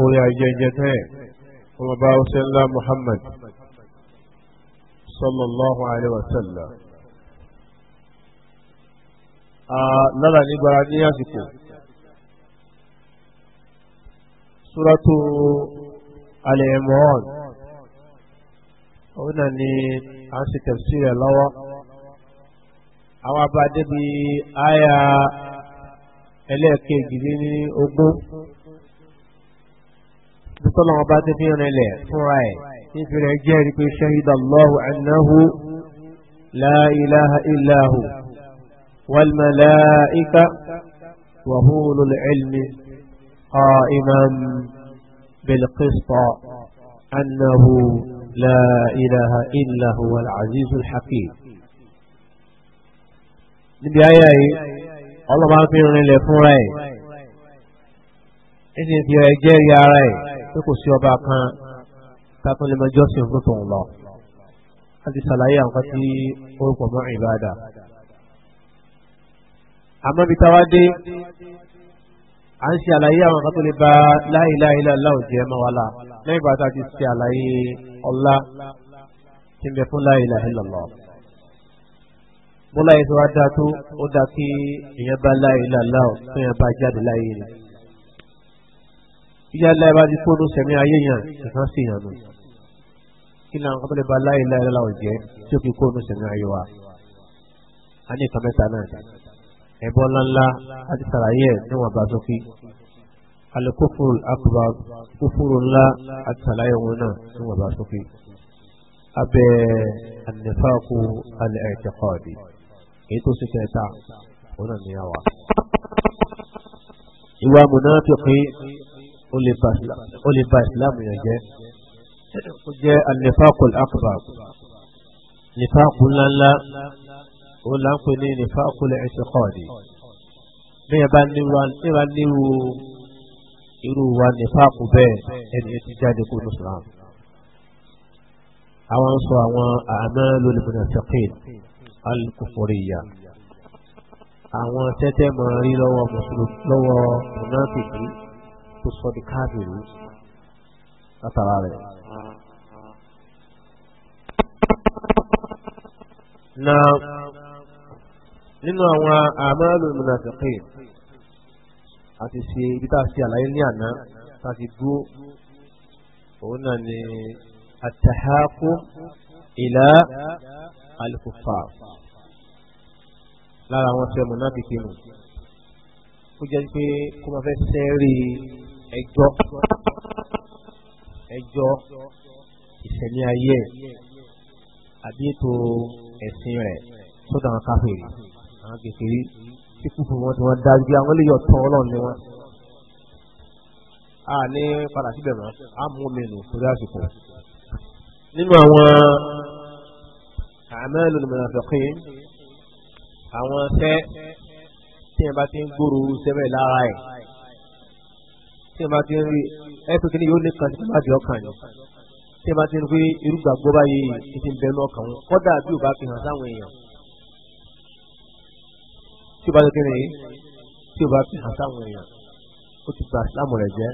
orí ajẹjẹ tẹ́ ọmọ bá ọsẹ ńlá Muhammad sallallahu alaihi wa sallam lára nígbàrá ní àsìkò suratu al-Imran ọ̀nà ni a sì tafsir lọ́wọ́ àwọn abá débi àyà ẹlẹ́ẹ̀kejì ní ogún tọ́lọ̀ ọba ti fi rìn lẹ̀ fúnra ẹ̀ nítorí rẹ̀ jẹ́rìí pé ṣahid allahu annahu la ilaha illahu wal malaika wa hulul ilmi qa'iman bil qista annahu la ilaha illahu wal azizul hakim níbi ayé yìí ọlọ́ba fi rìn lẹ̀ fúnra ẹ̀ ẹ̀ sì fi rẹ̀ ẹ̀ pé kò sí ọba kan tákùn lè máa jọ́sìn fún tòun lọ láti ṣàlàyé àwọn tí orúkọ mọ́ ìbáàdà. àmọ́ bí táwa dé à ń ṣe àlàyé àwọn kan tó lè ba la ilaha illallah jẹ́ mọ́ wa la lẹ́yìn bá ta ti ṣe àlàyé ọlá tí ń bẹ fún la ilaha illallah. bọ́lá tó wá dáa tó ó dáa kí èèyàn bá la ilaha tó yẹn bá jáde láyé rẹ̀ yálà ìbá ti kóòdù sẹ̀mí ayé yàn ìkan sí yàn nù kí ni àwọn kan tó lè ba láyé láyé láwọ̀ jẹ́ tí ó fi kóòdù sẹ̀mí ayé wa a ní ìkan mẹ́ta náà ẹ̀bọ ńláńlá a ti sàlàyé ẹ̀ níwọ̀n bá sókè alukófòrò àkùbà kófòrò ńlá a ti sàlàyé òun náà níwọ̀n bá sókè abẹ́ ànífàkù alẹ́ ẹ̀kẹ́kọ̀ọ́dì èyí tó sì kẹta òun ó lè ba ìsìlámù yẹn jẹ́ ó jẹ́ anifakul akbar nifaku ńláńlá ó là ń pè ní nifakul ẹ̀sìkọ́ọ̀dì bí ẹ bá nírú irú wa nifaku bẹ́ẹ̀ ẹni tí jáde kó ní islam àwọn sọ àwọn àmàlù munafiqin al àwọn tẹ́tẹ́ mọ̀ rí lọ́wọ́ mùsùlùmí lọ́wọ́ mùnáfìkì kó sọ di káàdìrú látara rẹ̀. na nínú àwọn àmàlù mùnàfíkì àti ṣe ibi tá a ṣe àlàyé ní àná tá a ti dúró òun náà ni àtàhákù ìlà alikufa lára àwọn ṣe mùnàfíkì nù kó jẹ́ pé kó máa fẹ́ sẹ́rí ẹjọ́ ẹjọ́ ìṣẹ̀mí ayé àbí ètò ẹ̀sìn rẹ̀ sọ́dọ̀ àwọn káfíìrì àwọn kèfèrí tí kú fún wọn tí wọ́n dájú àwọn eléyìí ọ̀tọ̀ ọlọ́run ni wọ́n. a ní padà síbẹ̀ mọ́ a mú omi nù torí àsìkò. nínú àwọn àmẹ́lò mùnàfíkìn àwọn tẹ́ tí ẹ bá ti ń gbòòrò sẹ́bẹ̀ lára ẹ̀ tí ẹ bá ti ń rí ẹ pé kí ni yóò ní kan tí ẹ bá di ọkàn yìí tí ẹ bá ti ń rí irúgbà gbọ́ báyìí ti ń bẹnu ọkàn wọn kọ́dà bí ò bá fi hàn sáwọn èèyàn tí ò bá ti kí tí ò bá fi hàn sáwọn èèyàn ó ti gba ìsìlámù rẹ̀ jẹ́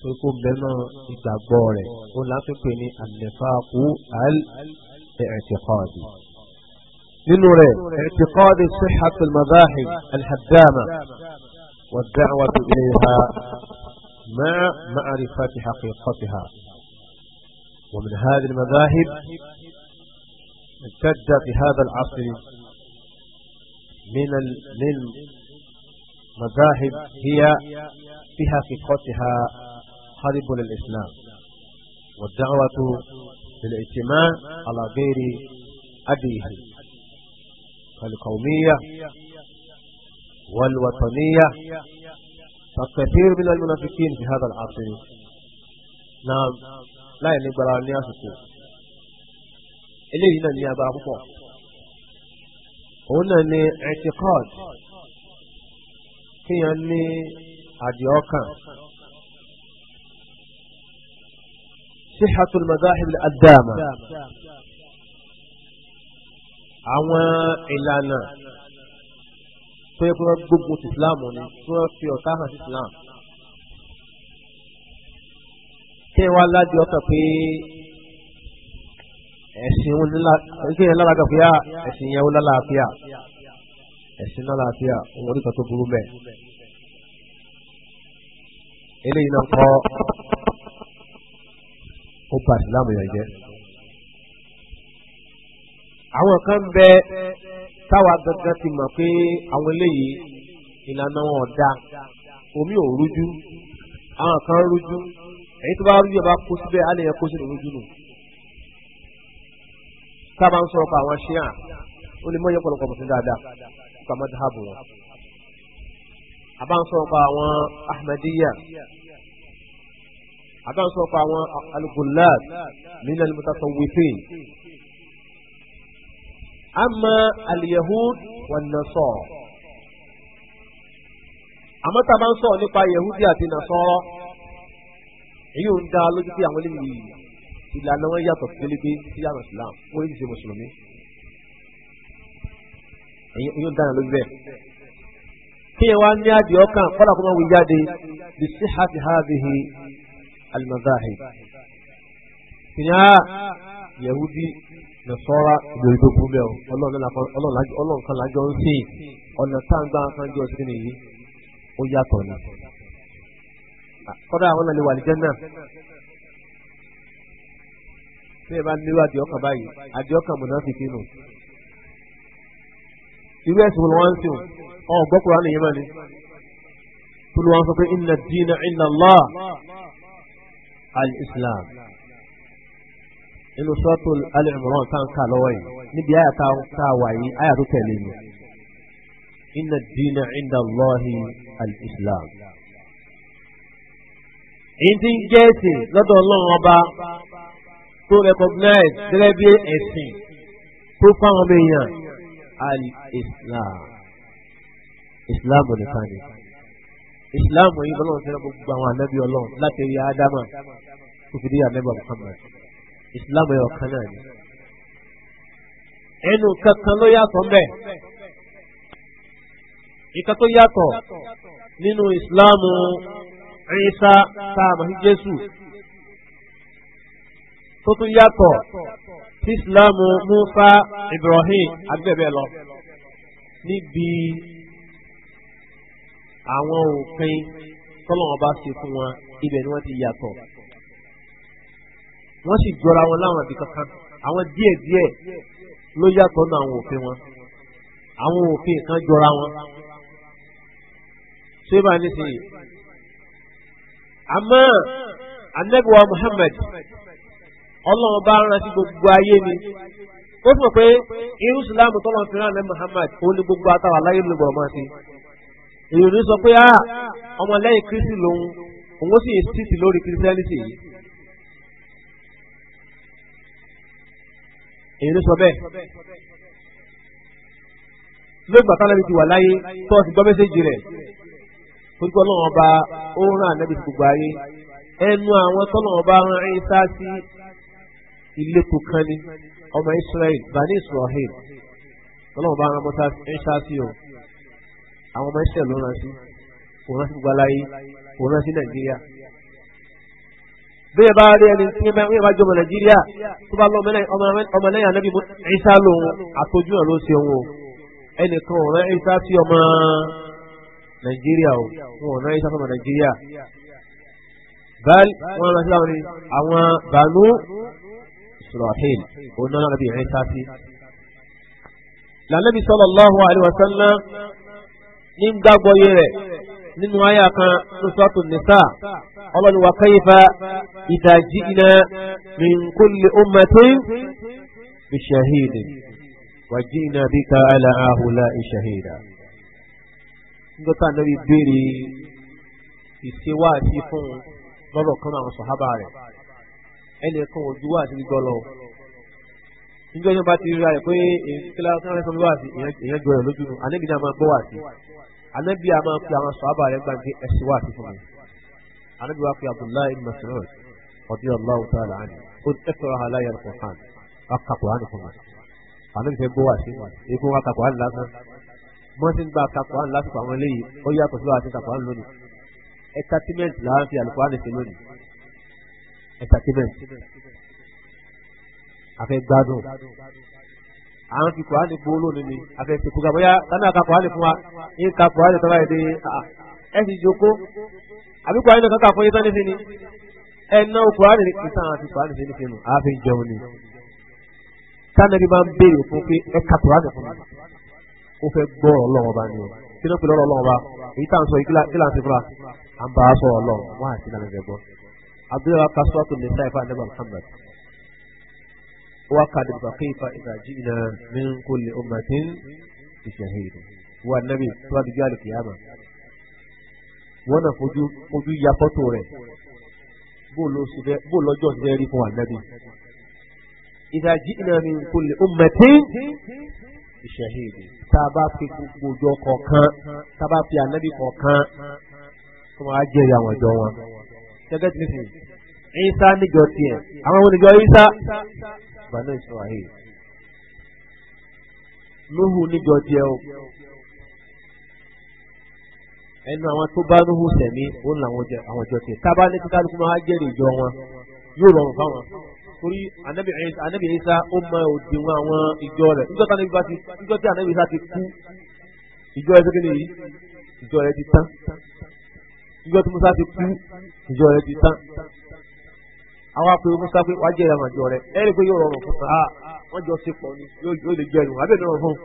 pé kó bẹnu ìgbàgbọ́ rẹ̀ ó láti pè ní àlẹ́fàákú al nínú rẹ̀ i'tiqadi sihhatul madahib al والدعوة إليها مع معرفة حقيقتها ومن هذه المذاهب امتد في هذا العصر من المذاهب هي في حقيقتها حرب للإسلام والدعوة للاجتماع على غير أبيه القومية والوطنيه فكثير من المنافقين في هذا العصر نعم لا يقبل الناس سوء يا بابا هنا من يعني اعتقاد في ان يعني اديوكا صحه المذاهب الادامه عوان الى نار tó yẹ kó wọ́n gbógun ti islam ni tó wọ́n fi ọ̀tá hàn sí islam. kí ẹ wá ládi ọkàn pé ẹ̀sìn wọn ní lálàáfíà ẹ̀sìn yẹn wọn lálàáfíà ẹ̀sìn lálàáfíà òun oríkan tó burú mẹ́ẹ̀. eléyìí náà kọ́ ó ba ìsìlámù yẹn jẹ́. àwọn kan bẹ́ẹ̀ táwa gangan ti mọ̀ pé àwọn eléyìí ìlànà wọn ọ̀dà omi ò rújú àwọn kan rújú èyí tó bá rújú ẹ̀ bá kó síbẹ̀ á lè yẹ kó sínú rújú nù. sábà ń sọ̀rọ̀ pa àwọn ṣíà ó lè mọ̀ pọ̀lọpọ̀ mọ̀ sí dáadáa nípa mọ́tàhábù wọn. àbá ń sọ̀rọ̀ pa àwọn ahmadiyya àbá ń sọ̀rọ̀ pa àwọn al-gullad min al-mutasawwifin. ama aliyahud wa nasọ àmọ́ tá a bá ń sọ̀rọ̀ nípa yahudi àti nasọ́rọ́ èyí ò ń dá lójú pé àwọn eléyìí ìlànà wọn yàtọ̀ pélébé sí àwọn islam wọn yìí ti ṣe mùsùlùmí èyí ò ń yahudi nasọra ìgbèrèdó fún bẹ́ẹ̀ ọlọ́run kan lájọ ń sìn ọ̀nà tá à ń gbà kan jọ sí nìyí ó yàtọ̀ ni. kọ́dà àwọn náà lè wà lìjẹ́ náà tí ẹ bá nílò àdìọ́kàn báyìí àdìọ́kàn mùnáfíkí nù. irú ẹ̀sìn wọn wọ́n ń sìn ọ̀ gbọ́kùnrin nìyẹn mọ́ ni. tó wọn sọ pé inna ad-dina inda Allah inú sọ́ọ̀tù Al-Imran tá ń kà lọ́wọ́ yìí níbi àyà tá a wà yìí àyà tó tẹ̀lé ni inna ad-dina 'inda Allahi al-Islam. èyí tí ń jẹ́ ẹ̀sìn lọ́dọ̀ ọlọ́run ọba tó recognize gẹ́gẹ́ bí ẹ̀sìn tó fáwọn ọmọ èèyàn al-Islam Islam nìkan ni Islam yìí lọ́lọ́run fẹ́ràn gbogbo àwọn ànábì ọlọ́run láti rí Ádámà tó fi dé ànábì Muhammad ìsìlámù ẹ̀rọ kan náà ni ẹnu kankan ló yàtọ̀ mbẹ́ ìkan tó yàtọ̀ nínú ìsìlámù Ìsá sáàmù Jésù tó tún yàtọ̀ sí ìsìlámù Musa Ibrahim agbẹ́bẹ́ lọ níbi àwọn òfin tọ́lọ́wọ́n ṣe fún wọn ibẹ̀ ni wọ́n ti yàtọ̀ wọ́n sì jọra wọn láwọn àbí kankan àwọn díẹ̀ díẹ̀ ló yàtọ̀ nù àwọn òfin wọn àwọn òfin kan jọra wọn ṣé bá ní sèyí àmọ́ anabiwa Muhammad ọlọ́run bá rán sí gbogbo ayé ni ó fún pé irú sùlámù tọ́lọ́ fi rán ní Muhammad ó ní gbogbo àtàwọn aláyé ló gbọ́dọ̀ máa ṣe èyí ò ní sọ pé ah, ọmọlẹ́yìn Kristi lòun òun ó sì yẹ títì lórí Christianity yìí. èyí ló sọ bẹ́ẹ̀ lóògbà táwọn ẹbí ti wà láyé tó o ti gbọ́ mẹ́sẹ̀gì rẹ̀ torípé ọlọ́run ọba ó rán ànábì gbogbo ayé ẹnu àwọn tọ́lọ́run ọba sí ni ọmọ Israel bani Israel tọ́lọ́run ọba rán mọ́tà ẹ̀yìnsá sí o àwọn ọmọ Israel ló rán sí òun sí gbogbo aláyé òun sí Nàìjíríà. bí ẹ bá rí ẹni tí ẹ bá jọmọ nàìjíríà tó bá lọ ọmọlẹ́yìn anábì ìsá lòun àtọ́jú ẹ̀ ló ṣe òun o ẹnìkan ọ̀rẹ́ ìsá sí ọmọ nàìjíríà o wọn ọ̀rẹ́ ìsá sọmọ nàìjíríà báyìí wọn lọ sí àwọn àwọn bànú israhil òun náà nàbì ìsá sí. lànàbì sallallahu alaihi wasallam ní gbàgbọ́ rẹ̀. ninu aya kan ní sọ́tún nìsá wa kayfa idha ji'na min kulli ummatin bi shahidin wa ji'na bika ala ha'ula'i shahida. nígbà tá a lórí béèrè ìṣèwádìí fún lọ́dọ̀ kan àwọn sọ̀hábà rẹ̀ ẹnì kan ò ju wá sí gbígbọ́ lọ. nígbà yóò bá ti rí ra rẹ̀ pé èyí kíláàsì náà rẹ̀ wá sí ìyẹn jọ rẹ̀ lójú àníbi náà máa gbọ́ wá sí. anabi a máa pe àwọn sọ́ọ́bà rẹ̀ gbà pé ẹ̀sìn wà sí fún mi anabi wa pe abdullahi ibn mas'ud radiyallahu ta'ala anhu ó ní ẹ̀sọ́ àhàlà yẹn kò hàn ká kùránì fún mi anabi fẹ́ gbọ́ wà sí ikú wa ká kùránì lásán wọ́n ti ń gba ká kùránì lásìkò àwọn eléyìí ó yàtọ̀ sí wàá ti ká lónìí entertainment là ń fi alukùránì sí lónìí entertainment afẹ́ gbádùn àwọn fi kùránì gbowó lónìí ni àfẹsẹ̀ kúkà bóyá sani àka kùránì fún wa ń ka kùránì tọ́ba yìí dé ẹ sì jókòó àbí kùránì náà kankan fún yín sani sí ni ẹ ná kùránì ní kìsàn àti kùránì sí ni sínú àfi jẹun ni sanabi máa ń béèrè fún pé ẹ ka kùránì fún mi ó fẹ́ gbọ́ ọlọ́wọ́ bá ní o kí ló pe lọ́rọ̀ ọlọ́wọ́ bá èyí tá à ń sọ yìí kí là ń ti fúnra à ń bá a وقد بقيت إذا جئنا من كل أمة بشهيد والنبي صلى الله عليه وسلم wọ́nà fojú fojú ya fọ́tò rẹ̀ bó lọ́jọ́ ṣe rí fún ànábì. إذا جئنا من كل أمة بشهيد tá a bá fi gbogbo ọjọ́ kọ̀ọ̀kan tá a bá fi ànábì kọ̀ọ̀kan tó máa jẹ́rìí àwọn ọjọ́ wọn. gẹ́gẹ́ tí nìsín Ìsá níjọ tiẹ̀ àwọn oníjọ Ìsá bàánà ìṣòwàhì lóhùn níjọ jẹ o ẹnu àwọn tó bá lóhùn sẹ̀mí ó ń làwọn jọ tẹ tábà ní kíkálukú máa jẹ́rìí ìjọ wọn yóò rọrùn fáwọn torí anabi isa ó mọ òdiwọn àwọn ìjọ rẹ̀ níjọ tí anabi ti níjọ tí anabi isa ti kú ìjọ rẹ̀ sókè nìyí ìjọ rẹ̀ ti tán níjọ tí musa ti kú ìjọ rẹ̀ ti tán àwọn akpè musa pé wàá jẹ ẹ̀rọ àjọ rẹ ẹ̀rí pé yóò rọrùn fún un ah, ah wọ́n jọ sí pọ̀ ni yóò lè jẹ́ ẹ̀rù abẹ́ náà fún un.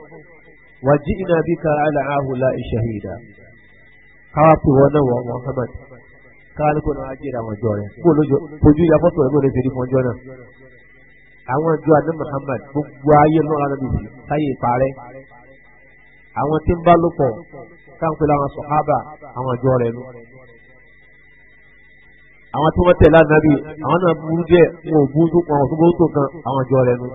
wà á jí iná bí ká àlà àhùlà ìṣàhìdá káwá pè wọ́n náà wọ́n Muhammad káwá ní kò náà wàá jẹ ẹ̀rọ àjọ rẹ kó lójó fojú ya fọ́tò rẹ ló fún ọjọ́ náà. àwọn àjọ àná Muhammad gbogbo ayé lọ́ra náà bìbí káyé ìparẹ́ àwọn tí ń bá lò pọ̀ táwọn àwọn àwọn tí wọ́n tẹ̀lé ànábì àwọn náà burú díẹ̀ wọn ò burú tó kan àwọn tó burú tó kan àwọn àjọ rẹ̀ nu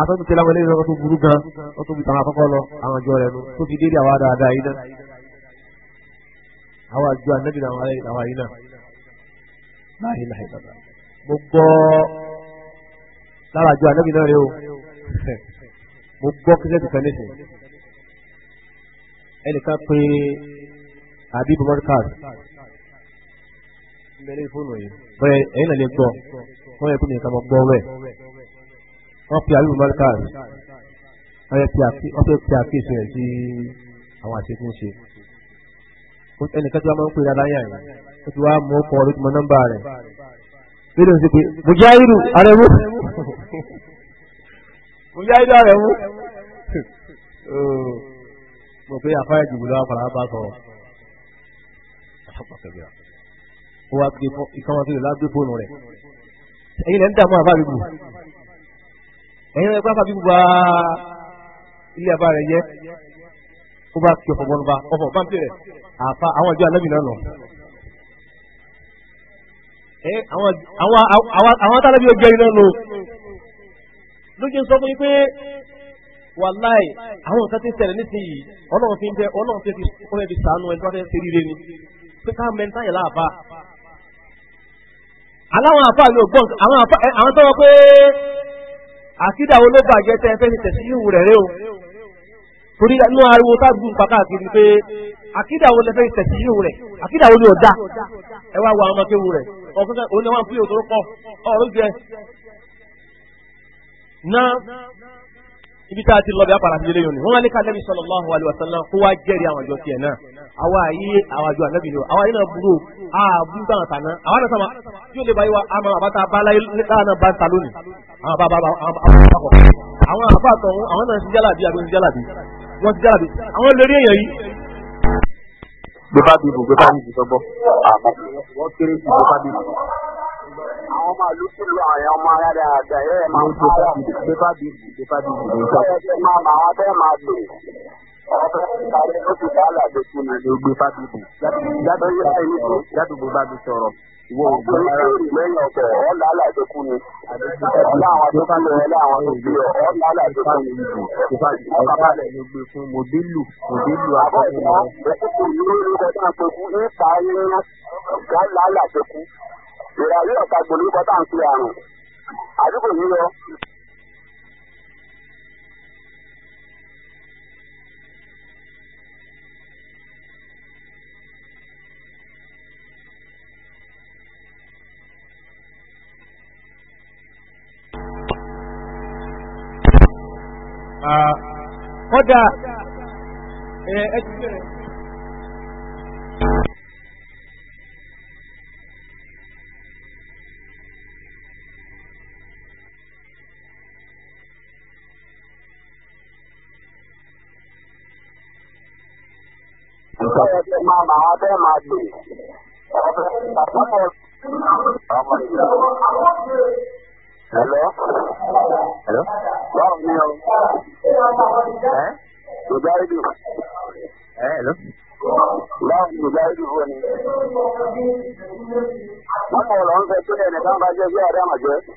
àwọn tó ń tẹ̀lé àwọn eléyìí náà tó burú gan wọ́n tó fi tàwọn akọ́kọ́ lọ àwọn àjọ rẹ̀ nu tó fi dédé àwọn àdáadáa yìí náà àwọn àjọ ànábì làwọn yìí náà láàyè láàyè bàbá mo gbọ́ lára àjọ ànábì náà rẹ o mo gbọ́ kíkẹ́tì kan nísìn ẹnìkan pé àbí bọ́mọ́dé mẹ́lẹ́ fóònù yìí. bẹ́ẹ̀ ẹ̀yin náà lè gbọ́ wọ́n yẹ kó mi kà mọ́ gbọ́ rẹ̀ wọ́n pe àlùmọ́ mọ́lẹ́kàr wọ́n yẹ pe àkíyèsí rẹ̀ sí àwọn àṣekún ṣe. ẹnìkan tí wọ́n máa ń pè é dáadáa yàn yìí ó ti wá mú ọkọ̀ ọdún mọ́ nọ́mbà rẹ̀ nínú sí pé mujahidu arẹmú mujahidu arẹmú mo pe àfáyà jùlọ àfàlà bá sọ̀rọ̀. ó wá gbé ìkan wọn kiri lágbé fóònù rẹ̀ ẹ̀yin lẹ́ ń dààmú àbá bíbù ẹ̀yin lẹ́ ń pàápàá bíbù bá ilé àbá rẹ̀ yẹ ó bá kí ọ̀fọ̀ bọ́nu bá ọ̀fọ̀ bá ń pè rẹ̀ àfa àwọn ìjọ alẹ́ mi náà nù àwọn tálábí ó jẹ́ iná nù lójú sọ fún yín pé wàláì àwọn nǹkan ti ṣẹlẹ̀ nísìnyí ọlọ́run fi ń bẹ ọlọ́run fi ń fi sànú ẹni tó bá fẹ́ ṣe ríire ni pé ká mẹ́ta yẹ̀ láàbá aláwọn àfa yóò gbọ́n àwọn àfa àwọn tó wọ́n pé àkídà wo ló bàjẹ́ tẹ́ ẹ fẹ́ ti tẹ̀sí yìí rẹ̀ rẹ́ o torí inú ariwo tá gbùn pàkà kiri pé àkídà wo lẹ fẹ́ ti tẹ̀sí yìí rẹ̀ àkídà wo ni ò da ẹ wá wo àwọn ọmọ rẹ̀ ọ̀kẹ́kẹ́ òun ni wọ́n fi òtòrò kọ ọ̀rọ̀ jẹ na ibi tá a ti lọ bí apara ti lé yòóni wọn ní ká nẹbi sallallahu alaihi wasallam kó wá jẹ́rìí àwọn àjọ tiẹ̀ náà àwa yìí àwọn àjọ ànábì ni o àwa yìí náà burú o àbú táwọn tà náà àwa náà sọmọ yóò lè báyìí wa àmọ́ àbáta abala náà bá ń ta lónìí àwọn bá bá bá àwọn bá kọ àwọn àbá àtọ̀hún àwọn náà ti jálàbí àbí wọn ti jálàbí wọn ti jálàbí àwọn lórí èèyàn yìí. gbé bá bíbù gbé bá bíbù sọ ọmọ ìlú sílùú àwọn ọmọ ayára àgbà ẹ̀ ẹ̀ máa ń fara. pépà bíbí pépà bíbí ló ń sọ. ọ̀rẹ́ ẹ̀ máa máa bẹ́ẹ̀ máa lò. ọ̀rẹ́ ìtàrí ló ti bá àlàjò sí mi. ló gbé fà bíbí. ládùúgbò bá mi sọ̀rọ̀. ìwọ ò ara rẹ̀ lẹ́yìn ọ̀sẹ̀ ọ̀là àlàjò kú ni. ọ̀là tó bá lọ ìràwé ọ̀tá gbòlórúkọ tá à ń fi àrùn àdúgbò yìí lọ. Ah, kódà ẹ eh, ẹ ti bẹ̀rẹ̀. ma ma ọ dị ma dị Hello? Hello? Wow, no. Eh? You guys do? Eh, hello? Wow, What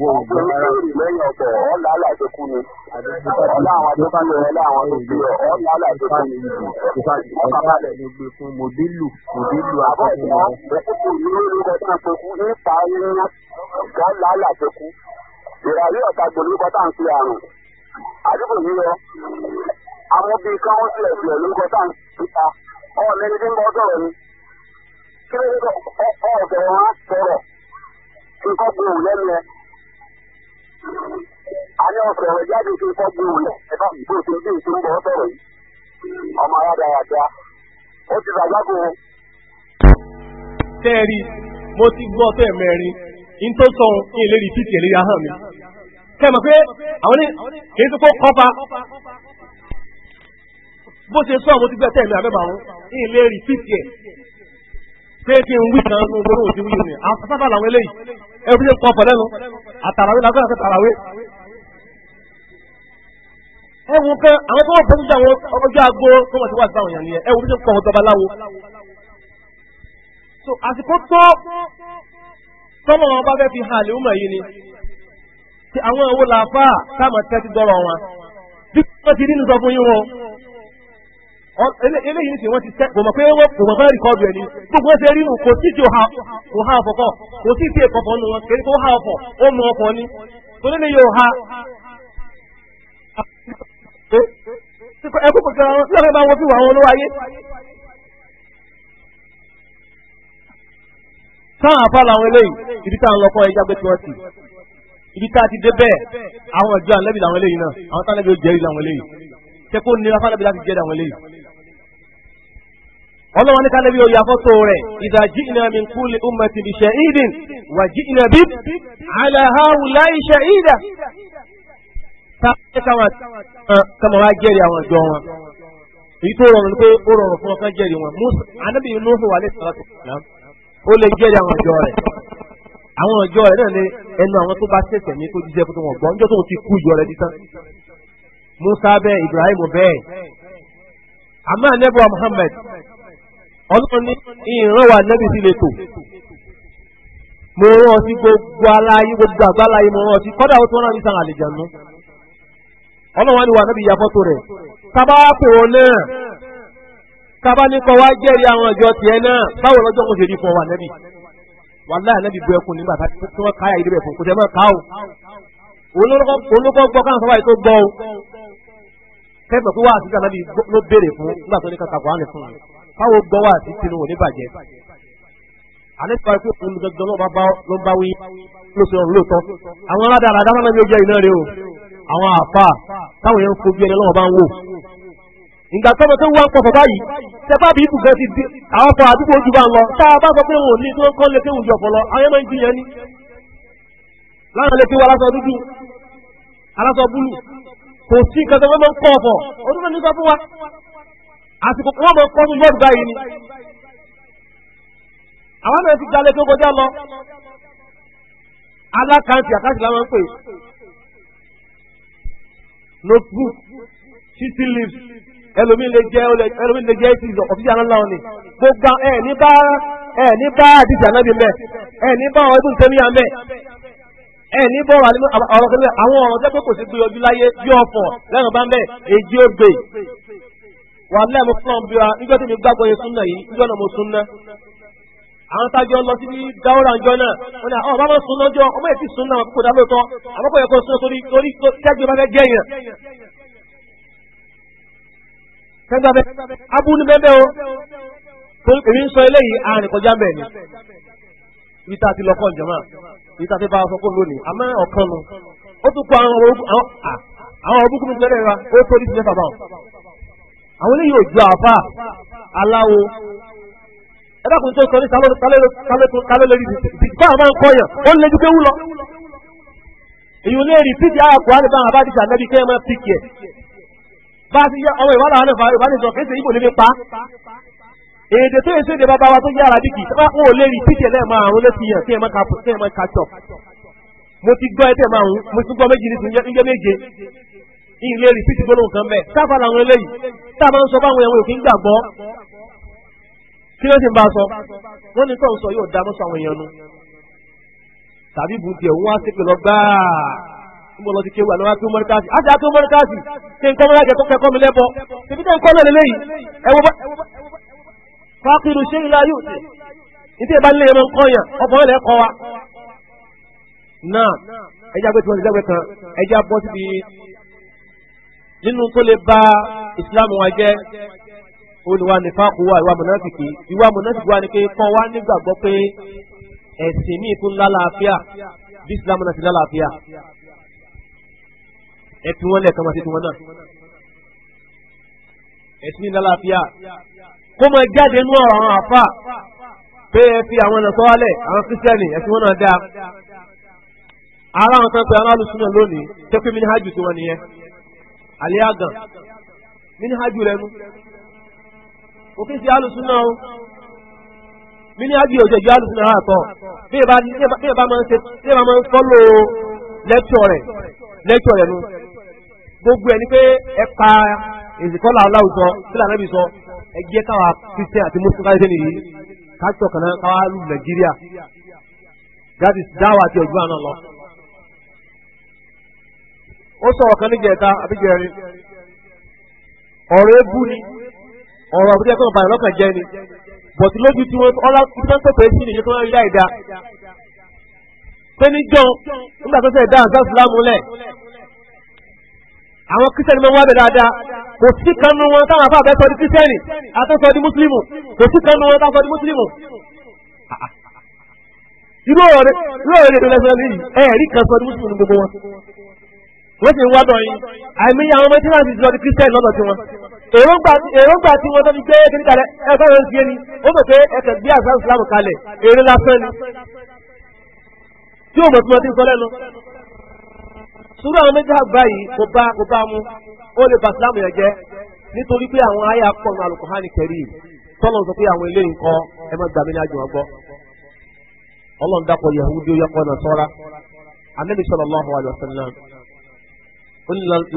wọ́n gbé lórí lẹ́yìn ọ̀bọ̀ ọ̀là alájọkú ni ọ̀là àwọn adébáyọ̀ ọ̀là àwọn olùgbé ọ̀là alájọkú ni ọ̀là balẹ̀ ni gbé fún mòdílù mòdílù akọ́kọ́ wọn. òkúkú yìí ló lóko tó ń sọkú nípa irun ọ̀là alájọkú ìràwé ọ̀tá gbòlókọ tá à ń wọ́n ń fi ta ọ̀ọ́lẹ́ni tí sọ̀rọ̀ kí ló dé ọ̀ọ̀tẹ̀ wọn lẹ́nu ẹ̀ anya ọsọrọ jáde fi fọ́jú ilẹ̀ ụlọ ìbò tó bí ìṣe ń bọ̀ sọ̀rọ̀ yìí ọmọ ayádáyàdá ó ti sàgbákò. tẹ́ẹ̀rí mo ti gbọ́ tẹ́ mẹ́rin in tó sọ ní ìlérí títì ẹ̀lẹ́yà hàn mi kẹ́mọ̀ pé àwọn ní kìí tó kó kọ́pa bó ṣe sọ mo ti gbẹ́ tẹ́ẹ̀mí àbẹ́bà wọn ní ìlérí títì ẹ̀ pé kí n wí kan ní orí òdiwí ni àfọ́sábà làwọn eléyìí ẹbí ń kọ pẹ̀lẹ́ lọ àtàràwé làwọn kan àtàràwé. ẹ wo kẹ àwọn tó wà bọ́ níjà wọn ọjọ́ àgbo tó wọ́n ti wá sáwọn yàn nìyẹn ẹ wo bí ṣe ń so àsìkò tó tọ́mọ̀ wọn bá fẹ́ fi hàn àlèhùn mọ̀ yìí ni ti àwọn ìwo làáfà táwọn tẹ́tí dọ́rọ̀ wọn bí wọ́n ti nínú sọ fún yín wọn eléyìí ní ti wọ́n ti tẹ́ kò mọ̀ pé wọ́n kò mọ̀ pé rìkọ́dù ẹ̀ ni gbogbo ṣe rí nù kò sí ti kò ha ọ̀fọ̀ kọ̀ kò sí ti ẹ̀kọ́ fọ́nù wọn kéré kó ha ọ̀fọ̀ ó mọ ọkọ̀ ni tó lé yóò ha. ẹkú kankan lọ́fẹ̀ẹ́ bá wọn fi wà wọn lọ́wọ́ ayé. sáà àfa làwọn eléyìí ibi tá à ń lọ kọ́ ẹja gbé tí wọ́n ti ibi tá a ti dé bẹ́ẹ̀ àwọn ìjọ àlẹ́bí làwọn eléyìí náà àwọn táwọn ẹlẹ́bí ó jẹ́rìí làwọn eléyìí tẹ́kọ̀ọ́ nira fáwọn ẹlẹ́bí láti jẹ́rìí àwọn eléyìí ọlọ́wọ́n ní kálẹ́bí ó ya fọ́tò rẹ̀ idha ji'na min kulli ummatin bi shahidin wa ji'na bik ala haula'i shahida. káwọn wá jẹ́rìí àwọn ìjọ wọn èyí tó rọrùn pé ó rọrùn fún ọkàn jẹ́rìí wọn anábì Nuhu wà lẹ́sìn láti ọ̀la ó lè jẹ́rìí àwọn ìjọ rẹ̀ àwọn ìjọ rẹ̀ náà ní ẹnu àwọn tó bá tẹ̀sẹ̀ ní tó jíjẹ́ fún wọn gbọ́ níjọ́ tó ti kú ìjọ rẹ̀ títán Musa bẹ́ẹ̀ Ibrahim bẹ́ẹ̀ àmọ́ anábì Muhammad ọlọ́run ní ìran wà nẹ́bí sí lẹ́tọ̀ mo rán ọ sí gbogbo aláyé gbogbo àgbáláyé mo rán ọ sí kọ́dà ó tún rán mi sàn àlìjànú ọlọ́run wà ní wà nẹ́bí ìyá fọ́tò rẹ̀ tábà pò ó náà tábà ní kọ́ wá jẹ́rìí àwọn ìjọ tiẹ̀ náà báwo lọ́jọ́ kò ṣe rí fún ọ wà nẹ́bí wà láyà nẹ́bí bu ẹkùn nígbà tí wọ́n káyà ìdíbẹ̀ fún kò tẹ́ mọ́ ká o olókọ́ gbọ́ káwọn sọ́wọ́ yìí tó gbọ́ o kẹ́ẹ̀mọ̀ pé wà á sí táwọn gbọ́ wà sí tinú òní bàjẹ́ àní sọ pé òun gbẹgbẹ ló ń bá wí ló sọ lóòótọ́ àwọn aládàára dáná náà ló jẹ́ iná rẹ o àwọn àfa táwọn yẹn ń fojú ẹni lọ́wọ́ bá ń wò ìgbà tọ́mọ tó ń wá ń pọ̀pọ̀ báyìí tẹ́fà bí ibùgbẹ́ ti di àwọn ọkọ̀ àdúgbò ojú bá ń lọ tá a bá sọ pé òun ní tó ń kọ́ lé kéwù jọ̀pọ̀ lọ àwọn ẹ̀mọ́ ń jiyàn ni láwọn lè fi wọ aláṣọ dúdú aláṣọ búlù kò sí nǹkan tó fẹ́ máa ń pọ̀ ọ̀pọ̀ ọdún ní sọ fún wa àsìkò kan wọ́n mọ̀ kọ́ fún bọ́ọ̀dù báyìí ni àwọn náà ti dalẹ̀ tó kọjá lọ alákàntì àkáǹtì la máa ń pè notebook city leaves ẹlòmíì lè jẹ ẹlòmíì lè jẹ eighty ọ̀fíìsì aláǹlá wọn ni gbogbo ẹ ní bá ẹ ní bá àdìsí ànábì mbẹ ẹ ní bá ọ̀rọ̀ ẹdùn tẹ́míyà mbẹ ẹ ní bá ọ̀rọ̀ ọ̀rọ̀ kẹlẹ àwọn ọ̀rọ̀ tẹ́pẹ́ kò sí gbìyànjú láyé bí ọ̀fọ̀ lẹ́nu bá mbẹ èjì ó gbé wa níjọ́ tí mi gbàgbọ́ yẹn súnà yìí náà mo súnà. àwọn tájọ lọ náà àwọn ah, súnà ọmọ yẹn ti súnà kó dá súnà sórí torí bá yẹn. o torí èmi ń sọ eléyìí àárín kọjá mbẹ̀ ni ibi a ti lọ ìjọba ibi ti bá a sọ lónìí ó tún kọ àwọn àwọn eléyìí ò ju àfa aláwo ẹ̀dàkùn tó sọ ní kálólórí fún àwọn akọyàn ó lè ju kéwú lọ èyí ò lè rí pídì àkọ́ àdìbá àbá àdìsí ànábì kéèyàn máa pìkì ẹ̀ bá a ti yẹ ọmọ ìwádà wọn fà ìwádìí sọ kéèsì ìbò níbi pa èdè tó yẹsẹ èdè bàbá wa tó yẹ arábìkì sábà wọn ò lè rí pídì ẹlẹ́ẹ̀ máa àrùn lẹ́sìn yẹn kéèyàn máa kàtọ̀ mo ti gbọ́ ẹ tẹ̀ máa ń mo ti gbọ́ méjì ní ilé rí títí gbólóhùn kan bẹ́ẹ̀ sáfà làwọn eléyìí tá a máa ń sọ báwọn èèyàn òfin gbàgbọ́ kí ló sì ń bá a sọ wọ́n ní tóun sọ yóò dá mọ́sọ àwọn èèyàn nu tàbí bùtì òun wá sí pé lọ gbáà níbo lọ ti kéwù àná wá kí ó mọ́rí káàsì á ti á kí ó mọ́rí káàsì ṣe nǹkan mọ́ra jẹ́ tó kẹ́kọ́ mi lẹ́bọ ṣèbí tẹ́ ń kọ́ lẹ́lẹ́ lẹ́yìn ẹ wo bá fákìrù ṣé ilá yóò ṣe ní tí ẹ bá lé ẹran kọ́ yàn ọ̀pọ̀ ẹ̀rẹ́ kọ́ wa náà ẹja gbé tí wọ́n ti jágbe kan ẹja bọ́ síbi nínú tó lè ba islam wa jẹ́ olùwà nífàkù wa ìwà mọ̀nàfìkì ìwà mọ̀nàfìkì wa ni pé kọ́ wa nígbàgbọ́ pé ẹ̀sìn míì tún lálàáfíà bí islam náà ti lálàáfíà ẹ̀tún wọn lẹ́ẹ̀kan máa ti tún wọn náà ẹ̀sìn lálàáfíà kó máa jáde nú ọ̀rọ̀ àwọn àfà pé ẹ fi àwọn ẹ̀nà sọ́wálẹ̀ àwọn kírísítẹ́nì ẹ̀sìn wọn náà dáa ara àwọn kan pé aláàlùsùn náà lónìí tẹ́pẹ́ mi ní hajj tí wọ́n nìyẹn. àlẹ́ àgàn mini hajj rẹ nu òfin ti alùsùnà o mini hajj òjò ju alùsùnà wà bí ẹ bá máa ń ṣe bí ẹ bá máa gbogbo ẹni pé ẹ pa ìsìkọ́lá aláwùjọ sílẹ̀ anábì sọ ẹ káwa kristian àti mùsùlùmí káyọ̀dé nìyí kájọ kan náà káwa lù nàìjíríà that is dáwà àti ọ̀gbìn àná lọ. ó sọ̀rọ̀ kan níjẹ̀ta àbíjẹ̀rin ọ̀rọ̀ ebú ni ọ̀rọ̀ àbújá kan bàyàn lọ́kàn jẹ́ ni bọ̀tí lójú tí wọ́n ọlá tí wọ́n pèpè sí nìyẹn tó wọ́n rí láìda pé níjọ́ nígbà tó sẹ̀ dá àǹsá ìsìlámù lẹ̀ àwọn kírísítẹ́nì máa ń wábẹ̀ dáadáa kò sí kanú wọn táwọn afáàbẹ sọ di kírísítẹ́nì àtọ́sọ di mùsùlùmù kò sí kanú wọn táwọn sọ di mùsùlùmù. irú ọ̀rẹ́ irú ọ̀rẹ́ lè dọ́lẹ́sọ̀rọ̀ yìí ẹ̀ẹ́rì kan sọ di mùsùlùmù gbogbo wọn. wọ́n sì ń wá dọ̀ yín àìmíyẹ àwọn ọmọ tíwọ́n ti lọ di christian lọ́dọ̀ tí wọ́n èròǹgbà tí wọ́n tó fi gbé kékeré kalẹ̀ ẹ̀kọ́ rẹ̀ ń fi ẹni ó mọ̀ pé ẹ̀kẹ́ gbé àṣà kalẹ̀ èrè lásán ni tí ó mọ̀ tí wọ́n ti sọ lẹ́nu. sùúrù àwọn méjì àgbà yìí kò bá kò bá mu ó lè ba ìsìlámù yẹn jẹ́ nítorí pé àwọn àyà pọ̀nù alùpùpù kẹrì tọ́lọ̀ sọ pé àwọn eléyìí kọ́ ẹ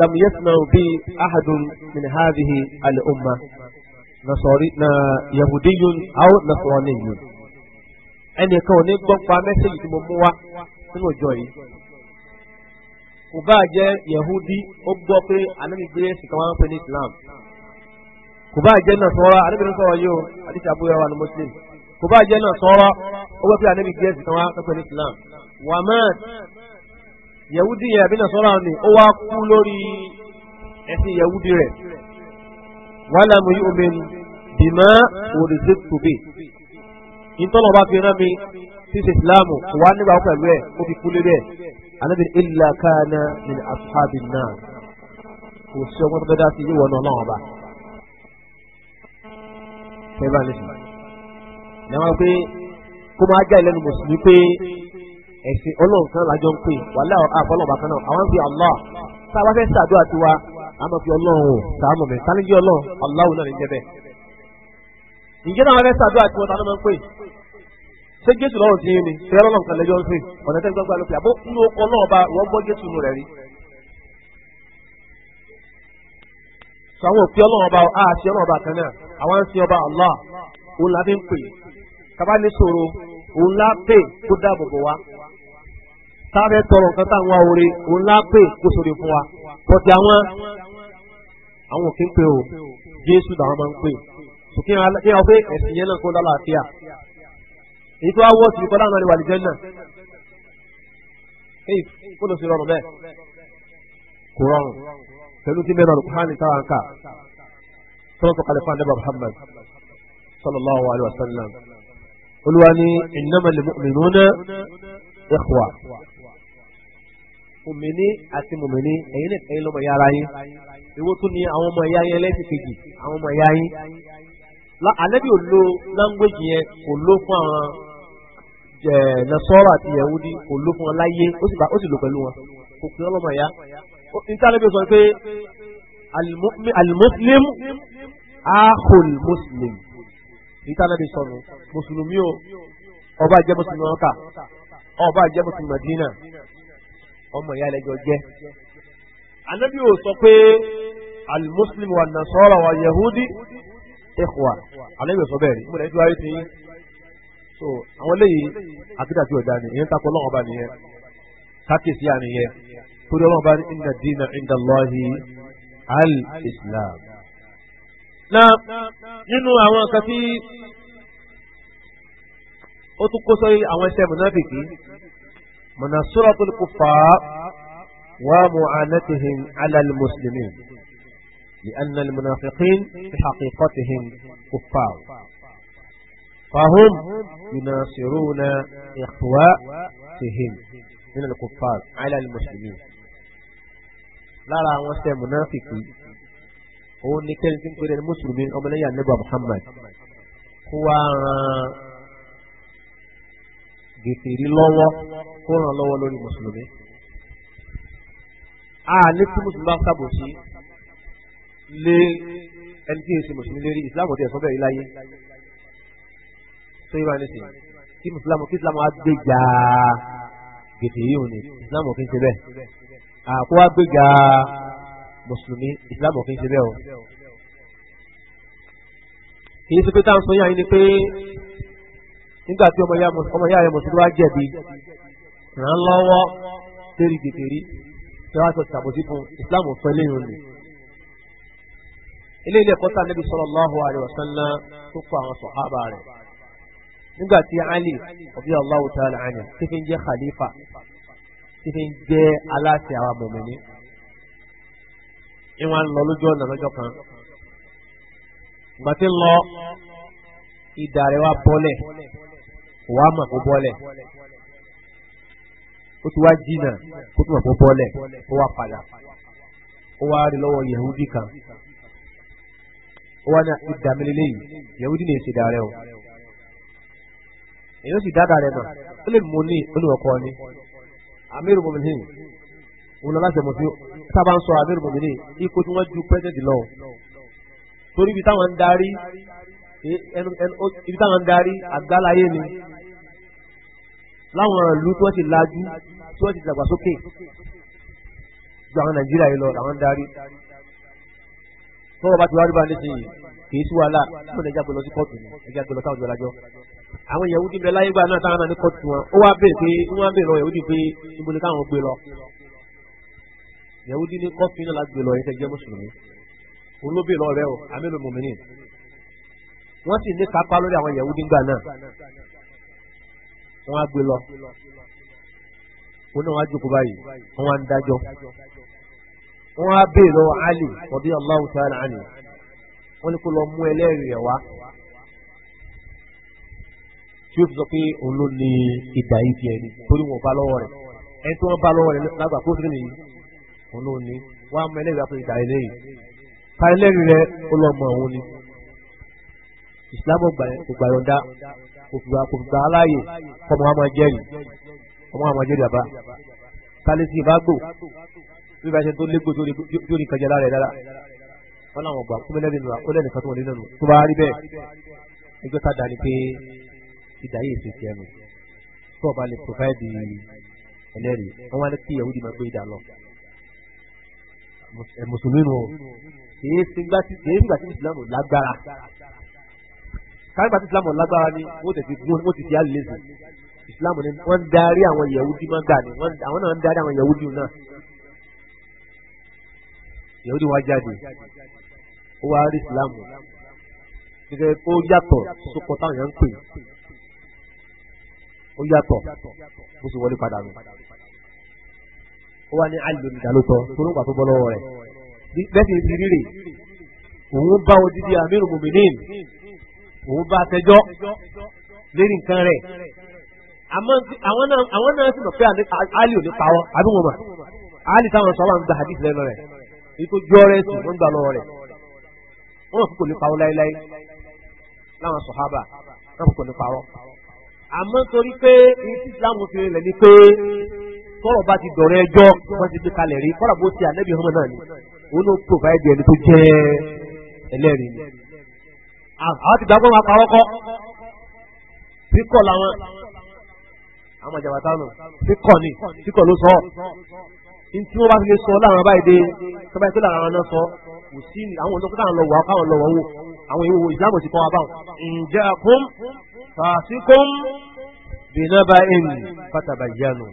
لم يسمع به أحد من هذه الأمة نصاري يهودي أو نصراني ẹnì kan ò ní gbọ́ pa mẹ́sẹ̀gì tí mo mú wá nínú ìjọ yìí kò bá jẹ́ yahudi ó gbọ́ pé anabi gbé ẹ̀sìn kan wá ń pè ní islam kò bá jẹ́ nasara anabi ní sọ̀rọ̀ yìí o àdìsí abúlé wa ni muslim kò bá jẹ́ nasara ó gbọ́ pé anabi gbé ẹ̀sìn kan wá ń pè ní islam wàmẹ́ẹ̀t yẹ̀wúdí yẹn àbí nàṣọ́rà ni ó wá kú lórí ẹ̀sìn yẹ̀wúdí rẹ̀ wàhálà mi yóò mẹ́nu bìmọ́ òrìṣẹ́ tòbí ìtọ́nà bá fi rán mi sí ṣe ìsìláàmù wà nígbà pẹ̀lú ẹ̀ ó fi kú lórí ẹ̀ anábìrin ilà káàná ní asuhabi náà kò sí ọgbọ́n tó dá sí yíwọ náà náà ọba. fẹ́ bá ní ní àwọn pé kó máa já ìlẹ́nu mùsùlùmí pé ẹ̀sìn ọlọ́run kan lájọ ń pè wàhálà àfọlọ́ọ̀bà kan náà àwọn ń fi allah tá a bá fẹ́ ṣàdúrà tiwa a máa fi ọlọ́run sàánù mi ta ni jẹ́ ọlọ́run allah náà ní jẹ́ bẹ́ẹ̀. ǹjẹ́ náà wọ́n fẹ́ ṣàdúrà tiwa ta ló máa ń pè ṣé jésù lọ́rùn ti yín ni ṣé ọlọ́run kan lẹ́jọ́ ń pè ọ̀nà tẹ́ gbọ́gbà ló pè àbó inú ọkọ̀ náà bá wọ́n gbọ́ jésù nù rẹ̀ rí. sàwọn òfin ọlọ́run ọba a ṣe ọlọ́run ọba kan náà àwọn ń sin ọba allah òun la fi ń pè kábàánisòro òun la pè kó dáàbò bò wá tábẹ́ tọrọ nǹkan táwọn wá oore òun lá pè kó sóde fún wa bọ́tí àwọn àwọn òkè ń pè o Jésù làwọn máa ń pè so kí wọn pé ẹ̀sìn yẹn náà kó lálàáfíà èyí tó wá wọ́ sí ìkọ́lá náà ní wàlíjẹ́ náà èyí kó ló sì rọrùn bẹ́ẹ̀ kò rọrùn pẹ̀lú tí mẹ́rin ọ̀rùn hàn táwọn kà tọ́lọ́ tó kalẹ̀ fún adébà Muhammad sallallahu alayhi wa sallam olúwa ní innamal mu'minuna ikhwa mùmìnì àti mùmìnì ẹ̀yin nìkan yín lọ́mọ ìyá ara yín èwo tún ni àwọn ọmọ ìyá yín ẹlẹ́sìn kejì àwọn ọmọ ìyá yín alẹ́bí ò lo language yẹn kò ló fún àwọn nasọ́rọ̀ àti yahudi kò ló fún wọn láyé ó sì lò pẹ̀lú wọn kò pín ọlọ́mọ ìyá níta alẹ́bí sọ pé alimuslim ahol muslim níta alẹ́bí sọ nù mùsùlùmí o ọba jẹ́ mùsùlùmí ọkà ọba jẹ́ mùsùlùmí madina ọmọ ìyá ẹlẹ́jọ jẹ́ anabi ò sọ pé alimuslim wa nasara wa yahudi ikhwa anabi ò sọ bẹ́ẹ̀ rí mo lẹ́jọ́ ayé ti so àwọn eléyìí akíndàjú ọ̀dà ni ìyẹn takọ ọlọ́run ọba nìyẹn kákìsí àníyẹn torí ọlọ́run ọba inna dina inda Allahi al-islam. na nínú àwọn nǹkan tí ó tún kó sọ àwọn ẹsẹ̀ mùnáfìkì مناصرة الكفار ومعانتهم على المسلمين لأن المنافقين في حقيقتهم كفار فهم يناصرون إخواتهم من الكفار على المسلمين لا لا ṣe mùnáfìkì هو ni kẹ́ni المسلمين ń pèrè mùsùlùmí محمد هو kèfèrí lọ́wọ́ kó ràn lọ́wọ́ lórí mùsùlùmí. a ní tí mùsùlùmí bá sábòsí lé ẹni tí èsì mùsùlùmí lérí ìsìlámù tí ẹ̀sọ́ bẹ̀rẹ̀ láyé tó yíwá ní sìn kí mùsùlùmí kí ìsìlámù á gbéjà kèfèrí òní ìsìlámù kì í ṣe bẹ́ẹ̀ àkó á gbéjà mùsùlùmí ìsìlámù kì í ṣe bẹ́ẹ̀ o. kì í ṣe pé táwọn sọ yín nígbà tí ọmọ ìyá rẹ̀ mùsùlùmí wá jẹ̀bi ràn án lọ́wọ́ lérí kékeré tí wọ́n á sọ ṣàbòsí fún ìsìláàmù fẹ́ léyìn òní. ilé ilé ẹ̀kọ́ tá níbi sallallahu alaihi wasallam tó kọ àwọn sọ̀hábà rẹ̀ nígbà tí Ali radiyallahu ta'ala anhu tí fi ń jẹ́ khalifa tí fi ń jẹ́ aláṣẹ àwọn mọ̀mọ́ni. ìwọ̀n lọ lójú ọ̀nà lọ́jọ́ kan ìgbà tí ń lọ ìdà bọ́lẹ̀ wà á mọ̀ kó bọ́lẹ̀ ó ti wá jìnnà kó tó mọ̀ kó bọ́lẹ̀ ó wá padà ó wá rí yahudi kan ó wá ní ìdàmílélẹ́ yìí yahudi ní èsì dàrẹ́ o èyí ó sì dáadáa rẹ̀ náà ó lè mú ní olùwọ̀kọ ni amírù mọ̀mìnì òun lọ láti mọ̀tí sábà ń sọ amírù mọ̀mìnì ikú tí wọ́n ju pẹ́ẹ́dẹ̀dì lọ torí ibi táwọn ń darí ibi táwọn ń darí àgbáláyé ni láwọn ìlú tí wọ́n ti lajú tí wọ́n ti dàgbàsókè ju àwọn nàìjíríà yìí lọ làwọn ń darí tọ́wọ́ bá ti wá rí bá nísìnyí kì í sí wàhálà fún ẹja gbé lọ sí kóòtù ni ẹja gbé lọ sáwọn ìjọlájọ. àwọn yahudi bẹ láyé gbà náà táwọn náà ní kóòtù wọn ó wá bèèrè pé ó wá bèèrè lọ yahudi pé níbo ni káwọn gbé lọ. yahudi ní kóòtù náà láti gbé lọ ẹsẹ jẹ mùsùlùmí olóbè lọ rẹ o amílò mùmíní. wọ́n sì ní kápá lórí àwọn yahudi gbà náà wọ́n á gbé lọ wọn náà wá jókòó báyìí wọ́n á ń dájọ́ Ali ọ̀bí Allah ta'ala anhu wọ́n ní kó lọ mú ẹlẹ́rìí ẹ̀ wá tí ó fi sọ pé òun ló ní ìdá yìí tiẹ̀ ni torí wọn bá lọ́wọ́ rẹ̀ ẹni tí wọ́n bá lọ́wọ́ rẹ̀ lágbà kó sì nìyí òun ló ní wọ́n á àti ìdá ilé yìí ká ẹlẹ́rìí rẹ̀ ó lọ òun ni Islam ọgbà yọ̀ǹda kò fi gbà á láàyè kọ́mọ wa máa jẹ́rìí ọmọ wa máa jẹ́rìí bàbá kálísì bá gbò bí bá ṣe tó légbò tó rí kẹjẹ lára ẹ̀ dára wọn làwọn gbà kú mẹ́lẹ́bí nù ó lẹ́nu kan tó wọn nínú tó bá rí bẹ́ẹ̀ ẹjọ́ ta dání pé ìdáyé èsì tiẹ̀ nù tó o bá lè provide ẹlẹ́rìí wọn wá ní kí ìyàwó di máa gbé ìdá lọ mùsùlùmí nù kì í sígbà tí ìsìlámù lágbára kárígbà tí islamu lágbára ni wọ́n tẹ̀ ti ti fi àlè islamu ni wọ́n darí àwọn yahudi máa gbà ni àwọn náà ń darí àwọn yahudi náà yahudi wá jáde ó wá rí islamu gẹ́gẹ́ ó yàtọ̀ sókò táwọn yẹn ń pè ó yàtọ̀ bó ṣe wọlé padà nù ó wá ní àlè nìdálótọ́ tó ló ń gbà tó bọ́ lọ́wọ́ rẹ̀ bẹ́ẹ̀ sì ń ti rírè òun bá wọn dídí amírùmùmínìn òun bá tẹjọ́ lérí nǹkan rẹ̀ àwọn náà sì mọ̀ pé àlì ò ní pa wọn àbí wọn mọ̀ àlì táwọn sọ wọn gba hadith lẹ́nu rẹ̀ èyí tó jọ́ rẹ̀ sì wọ́n gbà lọ́wọ́ rẹ̀ wọ́n mọ̀ pé kò ní pa wọn láéláé láwọn sọ̀hábà wọ́n mọ̀ kò ní pa wọn. àmọ́ torí pé Islam fi rẹ̀ ni pé tọ́rọ̀ bá ti dọ̀rọ̀ ẹjọ́ wọ́n ti gbé kalẹ̀ rí kọ́ra bó ti ànẹ́bí ọmọ náà ni òun ló provide ẹni tó jẹ́ ẹlẹ́rìí àwọn ti gbà pé wọn parọ́ kọ́ síkọ̀ làwọn àwọn àjàbàtà nù síkọ̀ ni síkọ̀ ló sọ ntí wọn bá fi lè sọ láwọn abáyé dé sábà ìpínlẹ̀ àwọn ọ̀nà sọ kò sí ni àwọn olókùn táwọn lọ wà káwọn lọ wọ̀ wò àwọn ìwò ìsìlámù ti kọ́ wa báwọn. ǹjẹ́ àkún fàásìkún bìnàbà ẹ̀yìn fatabayyanu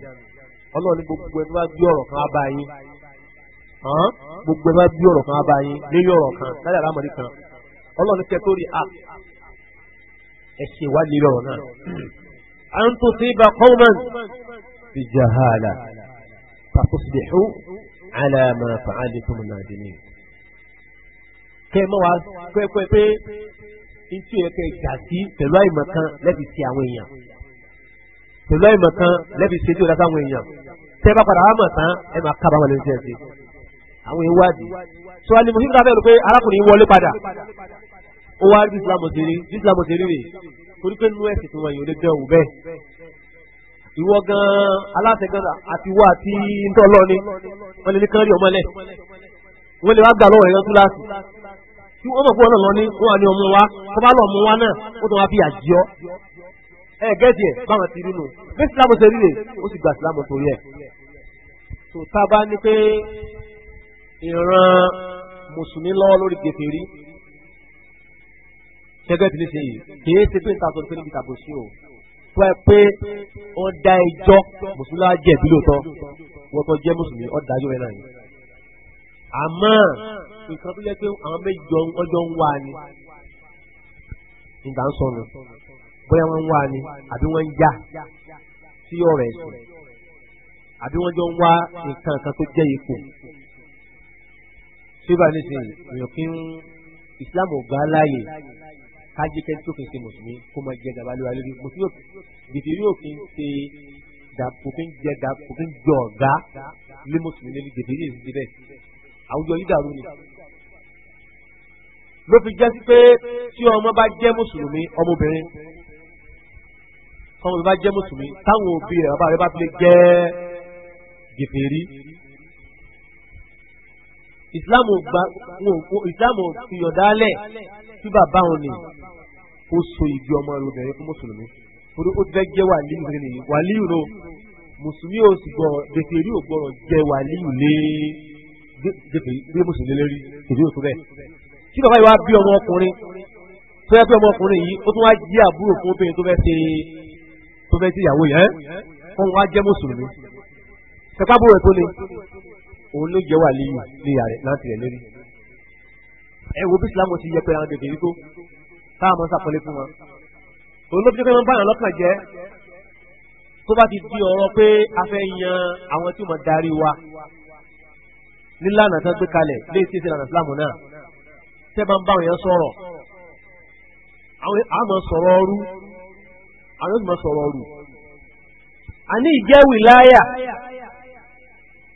ọlọ́ọ̀ni gbogbo ẹ̀ tó bí ọ̀rọ̀ kan á bá yín gbogbo ẹ̀ bá bí ọ̀rọ̀ kan á bá yín lórí ọlọ́run kẹ́ tó rí a ẹ̀sìn wá nílò ọ̀rọ̀ náà. à ń tó sí ibà kọ́ọ̀mán bí jahala fàkóṣìdìhù àlàmà fàálì tó múnà dìní. kẹ́ ẹ mọ́ wa pẹ́pẹ́ pé ntí yẹ kẹ́ ẹ jà sí pẹ̀lú àìmọ̀ kan lẹ́bi sí àwọn èèyàn pẹ̀lú àìmọ̀ kan lẹ́bi sí ètò ìdásá èèyàn tẹ́ bá padà wá mọ̀ tán ẹ máa kábàámọ̀ lẹ́nu tí ẹ ṣe àwọn ìwádìí. sọ alimuhi ká bẹ́ẹ̀ rò pé arákùnrin wọlé padà ó wá rí islam ṣeré islam ṣeré rè torí pé nínú ẹ̀sìn tí wọ́n yìí lè dán ìwọ gan aláṣẹ gan àti ni wọ́n lè ní kán rí ọmọlẹ̀ wọ́n lè wá gbà lọ́wọ́ ẹ̀yán túláàsì tí wọ́n mọ̀ pé ọ̀nà lọ ní wà ní ọmọ wa bá mú wa ẹ gẹ́ẹ̀tì báwọn ti rí bí islam rè ó sì gba islam tó a ní gẹ́gẹ́ bí níṣẹ́ yìí kìí ṣe pé níta sọ̀rọ̀ pé níbi tàbí sí o tó ẹ pé ó dá ẹjọ́ mùsùlùmí á jẹ̀bi lóòótọ́ wọ́n tó jẹ́ mùsùlùmí ó dájọ́ ẹ̀ náà yìí. àmọ́ nǹkan tó yẹ pé àwọn méjì ọjọ́ ń wá ni nígbà ń sọnù bóyá wọ́n ń wá ni àbí wọ́n ń já sí ọ̀rọ̀ ẹ̀sìn àbí wọ́n jọ ń wá nǹkan kan tó jẹ́ ipò síbà nísìnyí èèyàn kí ń Islam ò gbà kájí kẹ́ tí òfin ṣe mùsùlùmí kó máa jẹ gàba lóra lórí mùsùlùmí bìtìrí òfin ṣe òfin jẹ gàba òfin jọ ọ̀gá lé mùsùlùmí lórí bìtìrí èsì bẹ́ẹ̀ àwùjọ yìí dàrú ni. ló fi jẹ́ sí pé tí ọmọ bá jẹ́ mùsùlùmí ọmọbìnrin ọmọ bá jẹ́ mùsùlùmí táwọn òbí rẹ̀ bàbá rẹ̀ bá fi lè jẹ́ gèfèrí islam gba islam ìyọ̀dálẹ̀ tí bàbá wọn ni ó so igi ọmọ rẹ obìnrin fún mùsùlùmí torí ó fẹ́ jẹ́ wàlíù rẹ nìyí wàlíù rẹ mùsùlùmí ò sì gbọ́rọ̀ gbèsèrí ò gbọ́rọ̀ jẹ́ wàlíù lé gbèsèrí mùsùlùmí lérí èdè òtún bẹ́ẹ̀. tí bàbá yìí wá bí ọmọ ọkùnrin tó yẹ pé ọmọ ọkùnrin yìí ó tún wá jí àbúrò fún obìnrin tó fẹ́ ṣe tó fẹ́ ṣe ìyàwó yẹn fún wa jẹ́ mùsùlùmí. sẹ́pàbúrò ẹ̀ tó le òun ló jẹ́ wà léyìn léyà rẹ̀ láti rẹ̀ lórí. ẹ wo bí Islam ti yẹ pé àwọn bèbè wípé táwọn ọmọ sàpọ̀lé fún wọn. òun ló fi jẹ́ pé wọ́n bá yàn lọ́kàn jẹ́ tó bá ti di ọ̀rọ̀ pé a fẹ́ yan àwọn tí wọ́n darí wa nílànà tó gbé kalẹ̀ léyìí tí ìsìlànà Islam náà tẹ́ bá ń bá àwọn yẹn sọ̀rọ̀ àmọ́ sọ̀rọ̀ ọrú àwọn yóò sọ̀rọ̀ ọrú. àní ìjẹ́ wìláyà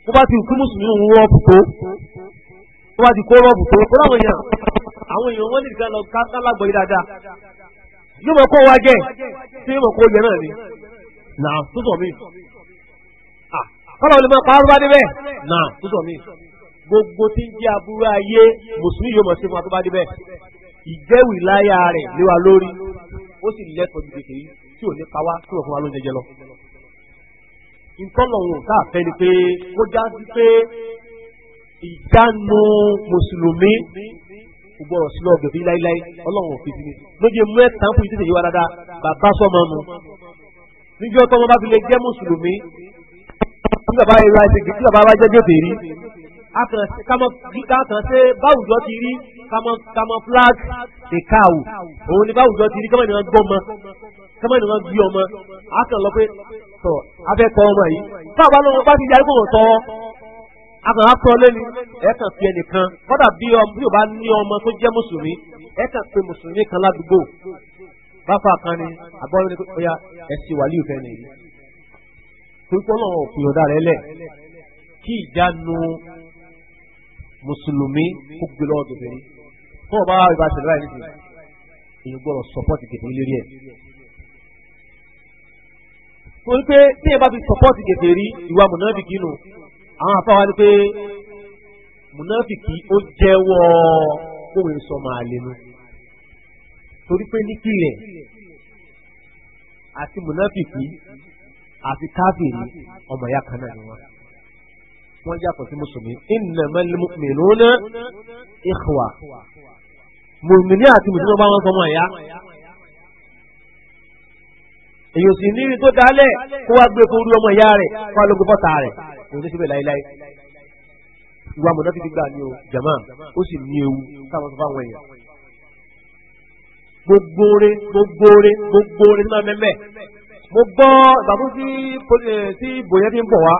bó bá ti kú mùsùlùmí òun rọ́ọ̀bù tó bó bá ti kó rọ́ọ̀bù tó kó láwọn èèyàn àwọn èèyàn wọn lè gbà lọ kálágbọ̀ yìí dáadáa yóò mọ̀ kó wa jẹ́ tí yóò mọ̀ kó yẹ náà ni nà tó sọ mí kọ́lá olè máa pa arúgbó adébẹ̀ nà tó sọ mí gbogbo tí ń jẹ́ aburú ayé mùsùlùmí yóò mọ̀ sí fún atúbá débẹ̀ ìjẹ́wì láyà rẹ̀ léwa lórí ó sì lẹ́tọ̀ọ́ ju kékeré tí ò ní pa wá tí ò fún wa ló ń jẹjẹ lọ ntọ́lọ̀hún káàfẹ́ ni pé kó já sí pé ìdánu mùsùlùmí gbọ́dọ̀ sílẹ̀ ọ̀gbẹ̀ bíi láíláí ọlọ́run òfin sí ni lójú mú ẹ̀ta ń fún ìdíje yìí wá dáadáa bàbá sọ́mọ nu níjọ́ tọ́mọ bá fi lè jẹ́ mùsùlùmí nígbà bá yẹ wá ṣe kí bàbá bá jẹ́ jẹ́ bèrí kàtàn ṣe báwùjọ ti rí camouflage the cow òun ni báwùjọ ti rí kọ́mọ̀ ni wọ́n gbọ́ ọmọ kọ́mọ̀ ni wọ́n gbé ọmọ a kàn lọ pé tọ̀ afẹ́kọ̀ ọmọ yìí fáwọn bá lọ́wọ́ bá ti yarí kò wọ́n tọ́ akàn á pọ́n lẹ́ni ẹ̀ẹ̀kan fi ẹnìkan kọ́dà bí ọmọ yóò bá ní ọmọ tó jẹ́ mùsùlùmí ẹ̀ẹ̀kan pe mùsùlùmí kan ládùúgbò báfa kan ni àbọ̀rún ni ẹ̀sìn wàlíù fẹ́ nìyí kí ìjánu mùsùlùmí kó gbé lọ́wọ́ kẹfẹ́rí tó o bá wà ìbá tẹ̀lé báyìí nìkan èyí gbọ́dọ̀ sọpọ́tì kẹfẹ́rí lórí ẹ̀. torí pé tí yẹn bá fi sọpọ́tì kẹfẹ́rí ìwà mùnáfìkì nù àwọn afáwa ni pé mùnáfìkì ó jẹ́wọ́ kóhùn sọ máa lè nu torí pé nípìnlẹ̀ àti mùnáfìkì àti káfíìrì ọmọ ìyá kan náà ni wọ́n wọ́n yàtọ̀ sí mùsùlùmí innamal mu'minuna ikhwa mùmìnì àti mùsùlùmí bá wọn sọmọ ẹ̀yà èyí sì ní tó dálẹ̀ kó wá gbé fún orí ọmọ ìyá rẹ̀ kó alógún bọ́ta rẹ̀ èyí tó síbẹ̀ láéláé ìwà mọ̀nà ti gbà ní o jàmá ó sì ní ewu táwọn sọ fáwọn èèyàn gbogbo ore gbogbo ní máa mẹ́mẹ́ mo gbọ́ ìgbàgbọ́ sí bòyẹ́ fi ń bọ̀ wá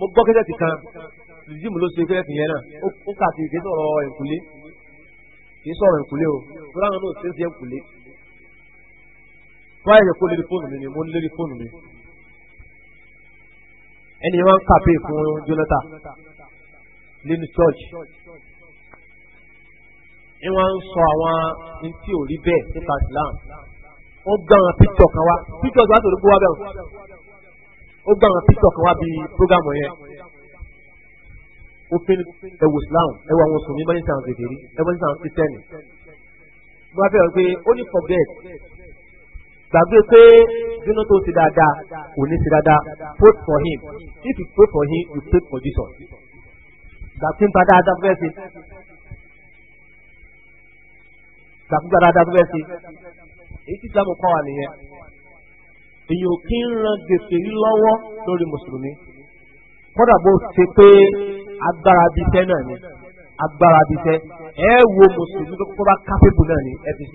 mo gbọ́ kẹ́sẹ̀ ti kan lùdíjìmù ló ṣe kẹ́sẹ̀ yẹn náà ó kà sí kí sọ̀rọ̀ ẹ̀kúlé kì í sọ̀rọ̀ ẹ̀kúlé o fúláwọn náà ṣe ń ṣe ẹ̀kúlé. wọ́n yẹ kó lórí fóònù mi ni mo ń lórí fóònù mi. ẹni wọn ń kàpé fún Jonathan lẹ́nu church ni wọ́n ń sọ àwọn ní tí ò rí bẹ́ẹ̀ nípa Islam wọ́n gbọ́ àwọn píkítọ̀ kan wá píkítọ̀ tó wá tó ló gbówá bẹ́ẹ̀ ó gbà wọn píṣọ kan wá yẹn ó fi ẹwù islam ẹwù àwọn sùn ní mọ́nísàn gègèrè ẹmọ́nísàn kristẹni mo bá fẹ́ràn pé ó ní forget gbàgbé pé dúnú tó ti dáadáa kò ní ti dáadáa pray for him if you pray for him you pray for Jesus gbàgbé nípa dáadáa fẹ́ ṣe gbàgbé nípa dáadáa fẹ́ ṣe èyí tí islam kọ́ wa nìyẹn èyí ò kí ń ran gbèsè yìí lọ́wọ́ lórí mùsùlùmí kódà bó ṣe pé agbára bíi tẹ́ náà ni agbára bíi ẹ wo mùsùlùmí tó kọ́kọ́ bá kápẹ́bù náà ni fcc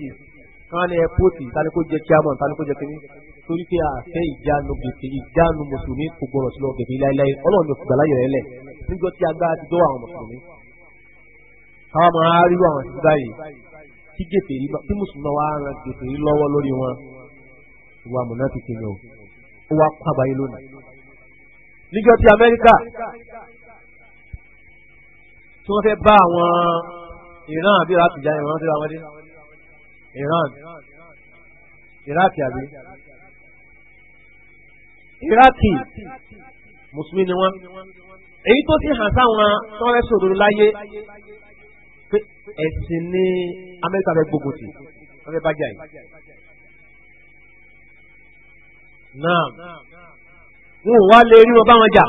kan ni ẹpọ́tì tani kò jẹ chairman tani kò jẹ kínní torí pé àṣẹ ìjánu gbèsè ìjánu mùsùlùmí kò gbọdọ̀ sí lọ gbèsè láéláé ọlọ́run ní òkùnkùn aláyọ̀ ẹlẹ̀ níjọ tí agbára ti dọ́wọ́ àwọn mùsùlùmí káwọn máa rí àwọn ìsúgbà yìí kí gbèsè yìí kí mùsùlùmí wa ran gbèsè yìí lọ́wọ́ lórí wọn ìwà mùnáfíkì ni o ó wá kó àgbáyé lónìí. níjọ́ ti amẹ́ríkà tí wọ́n fẹ́ bá àwọn iran àbí iraq jà ìran tí wọ́n dé iran iraq àbí iraqi mùsùlùmí ni wọ́n èyí tó ti hàn sáwọn tọ́lẹ̀ sòdòdó láyé pé ẹ̀sìn ní amẹ́ríkà fẹ́ gbógun tì wọ́n fẹ́ bá jà yìí náà wọn ò wá lè rí wọn bá wọn jà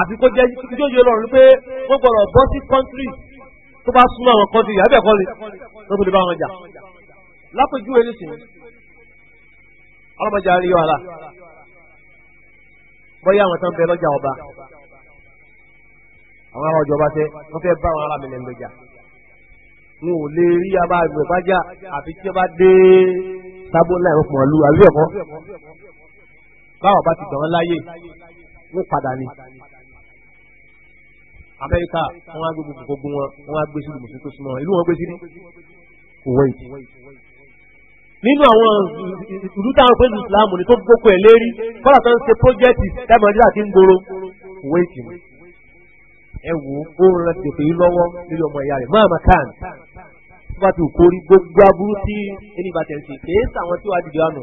àfi kó jẹ́ jójo lọ́rùn pé wọ́n gbọ́dọ̀ bọ́ sí kọ́ńtírì tó bá súnmọ́ àwọn kọ́ńtírì àbẹ̀ kọ́ lè tó tó lè bá wọn jà lápèjúwe nísìnyí ọlọ́mọdé àríyọ àlà bọ́yá àwọn tó ń bẹ lọ́jà ọba àwọn ará ọjọba tẹ wọ́n fẹ́ bá àwọn ará mi lẹ́nu lọ́jà n ò lè rí abáàgbẹ̀ bájà àfi tí wọ́n bá dé sábó láì wọ́n pọ̀ lù àbí ẹ̀kọ́ báwọn bá ti dàn láyè wọ́n padà ni. Amẹ́ríkà wọ́n á gbé gbogbo wọn wọ́n á gbé sílùú mùsùlùmí tó súnmọ́ ìlú wọn gbé sí Kuwait. Nínú àwọn ìlú táwọn pẹ̀lú Ìsìláàmù ni tó gbókò ẹ̀ lérí kọ́lá tó ń ṣe pọ́jẹ́tì dábàdílà tí ń gbòòrò Kuwait ni. Ẹ wo oorun rẹ̀ tètè yìí lọ́wọ́ lórí ọmọ ìyá rẹ̀ Mahama Khan. Tó bá ti kórí gbogbo aburú tí ẹni ìbàtẹ̀ ṣe kèé sàwọn tí wàá dìde àná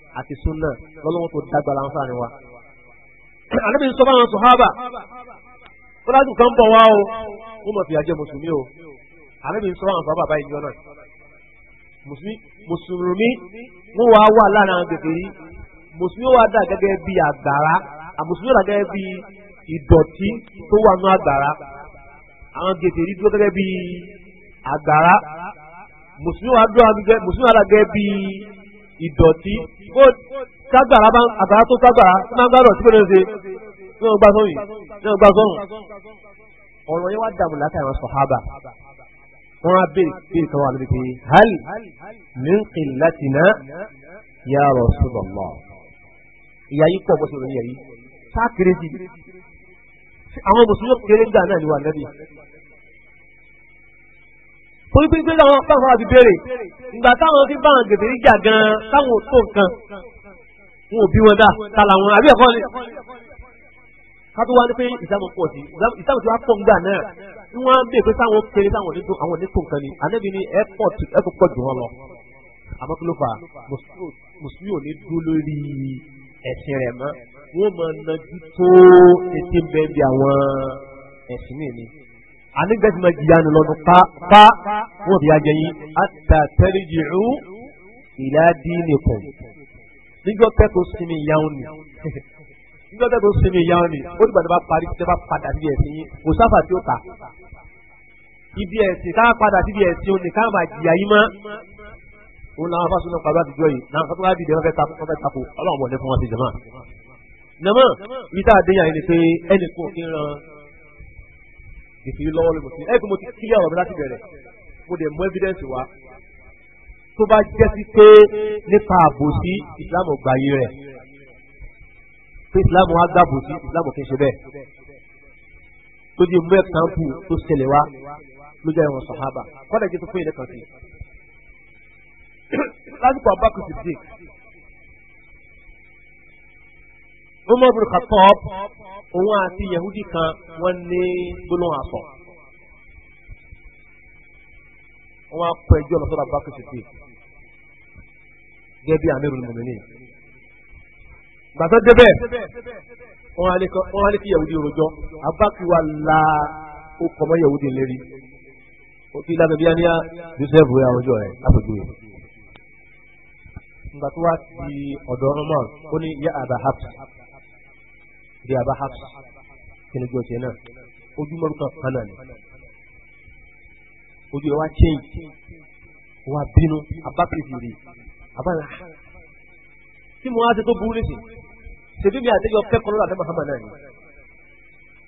àti sunna lọ́lọ́wọ́ tó dágbàlá ń fàánì wa. ànábì ń sọ fáwọn sọ̀hábà fúlàjù kan bọ̀ wá o wọ́n mọ̀ fìyà jẹ o ànábì ń sọ fáwọn sọ̀hábà báyìí ní ọ̀nà mùsùlùmí wọ́n wá wà láàrin gbèsè yìí mùsùlùmí wà dà gẹ́gẹ́ bí àgbàrá àmùsùlùmí wà gẹ́gẹ́ bí ìdọ̀tí tó wà nù àgbàrá àwọn gbèsè yìí ìdọ̀tí kó ságbàrá bá àgbàrá tó ságbàrá tó máa ń gbàdọ̀ tí pẹ̀lú ṣe ní ọgbà sọ́yìn ní ọgbà sọ́run. ọ̀rọ̀ yẹn wá dààmú látàrí àwọn sọ̀hábà wọ́n á béèrè béèrè kan wà lórí pé hali min qillatina ya Rasulullah. ìyá yìí pọ̀ bọ́sẹ̀ òní yẹ̀ yìí sáà kéré sí àwọn mùsùlùmí kéré gbà náà ni wà nẹ́bí torí pé pé táwọn báwọn àti béèrè ìgbà táwọn fi báwọn gbèsè rí jà gan táwọn tó nǹkan wọn ò bí wọn dá kàlà wọn àbí ẹ̀kọ́ ni. kátó wá ní pé ìsáàmù pọ̀ sí ìsáàmù tí wàá pọ̀ ńgbà náà ni wọ́n á bèè pé táwọn kéré táwọn onídùn àwọn onídùn kan ni ànábì ni airport ẹ̀kọ́ pọ̀ jù wọn lọ. àmọ́ kí ló fà mùsùlùmí ò ní dúró lórí ẹ̀sìn rẹ̀ mọ́ wọ́n máa najú tó ètè bẹ́ẹ̀ bí àwọn ẹ̀sìn mi àní gẹ́sìmọ̀ ìyanu lọ́dún pa wọ́n fi ajẹ́ yín àtàtẹ́rìjìrú ìlàdínìkùn níjọ́ tẹ́kọ̀ọ́ sinmi ìyanu ni níjọ́ tẹ́kọ̀ọ́ sinmi ìyanu ni ó dìgbà tó bá parí tó bá padà sí ẹ̀sìn yín kò sáfà tí ó ta ibi ẹ̀sìn ká padà sí ibi ẹ̀sìn òní ká máa jìyà yín mọ́ òun làwọn afásù náà pàdé àtijọ́ yìí náà fún wa dìde wọn fẹ́ takò wọn fẹ́ takò ọlọ́run bọ̀ ní fún wọn ti jẹ mọ́. nàmọ́ ibi tá a dé yàn yìí ni pé ẹnì kan kí kìkìrì lọ́wọ́ lóko sí ẹ pé mo ti kílẹ̀ ọ̀rọ̀ mi láti bẹ̀rẹ̀ mo dẹ̀ mú evidence wá tó bá jẹ́ sí pé nípa àbòsí islam gbàyè rẹ̀ pé islam wa gbà àbòsí islam kì í ṣe bẹ́ẹ̀ tó di mú ẹ̀kánpù tó ṣẹlẹ̀ wá ló jẹ́ ìwọ̀n sọ̀hábà kọ́dà jẹ́ tó fún ilé kan sí. lásìkò abákùn sì dé. Umar bin Khattab òun àti yahudi kan wọ́n ní gbólóhùn àsọ̀ wọ́n á kọ ẹjọ́ lọ́sọ́dọ̀ abubakar sèké gẹ́gẹ́ bí amirul muminin gbàtọ́ débẹ̀ wọ́n á lé kí yahudi rojọ́ abubakar wà la ó kọ́ mọ́ yahudi lérí ó ti lábẹ́ bí aníyá joseph wẹ́ àwùjọ rẹ̀ lápẹ̀jú rẹ̀ nígbà tó wá ti ọ̀dọ̀ ọmọ ó ní yá àbá rí abá hapsi kíni jọ tiẹ̀ náà ojú mọ́rúkà kan náà ni ojú ẹ̀ wá change wá bínú abákìrìsì rè abala tí mo wá ṣe tó burú nísìn ṣètò bí àtẹ́jọ kẹ́kọ̀ọ́ lọ́dọ̀ Muhammad náà ni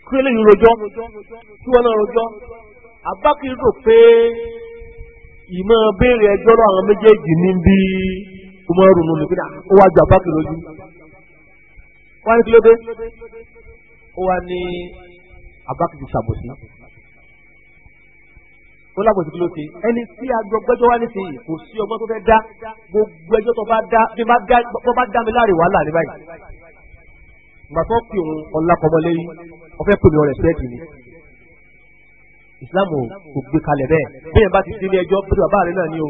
kí eléyìí rojọ́ kí wọ́n náà rojọ́ abákìrì rò pé ìmọ̀ béèrè ẹjọ́ lọ́wọ́ àwọn méjèèjì ní bí umaru nínú kí ni ó wájú abákìrì lójú wọ́n ní kí ló dé ó wá ní abakar ti ṣàbòsí ó lágbòsí kí ló ṣe ẹni tí agbẹjọ́ wá nísìnyí kò sí ọgbọ́n tó fẹ́ dá gbogbo ẹjọ́ tó bá dá bí tó bá dá mi láre wàhálà ní báyìí ìgbà tó pè òun ọlákọmọlẹ́yìn ọfẹ́ pè mí ọ̀rẹ́ sẹ́ẹ̀tì ni ìsìláàmù kò gbé kalẹ̀ bẹ́ẹ̀ bẹ́ẹ̀ bá ti dé ilé ẹjọ́ pé bàbá rẹ̀ náà ni o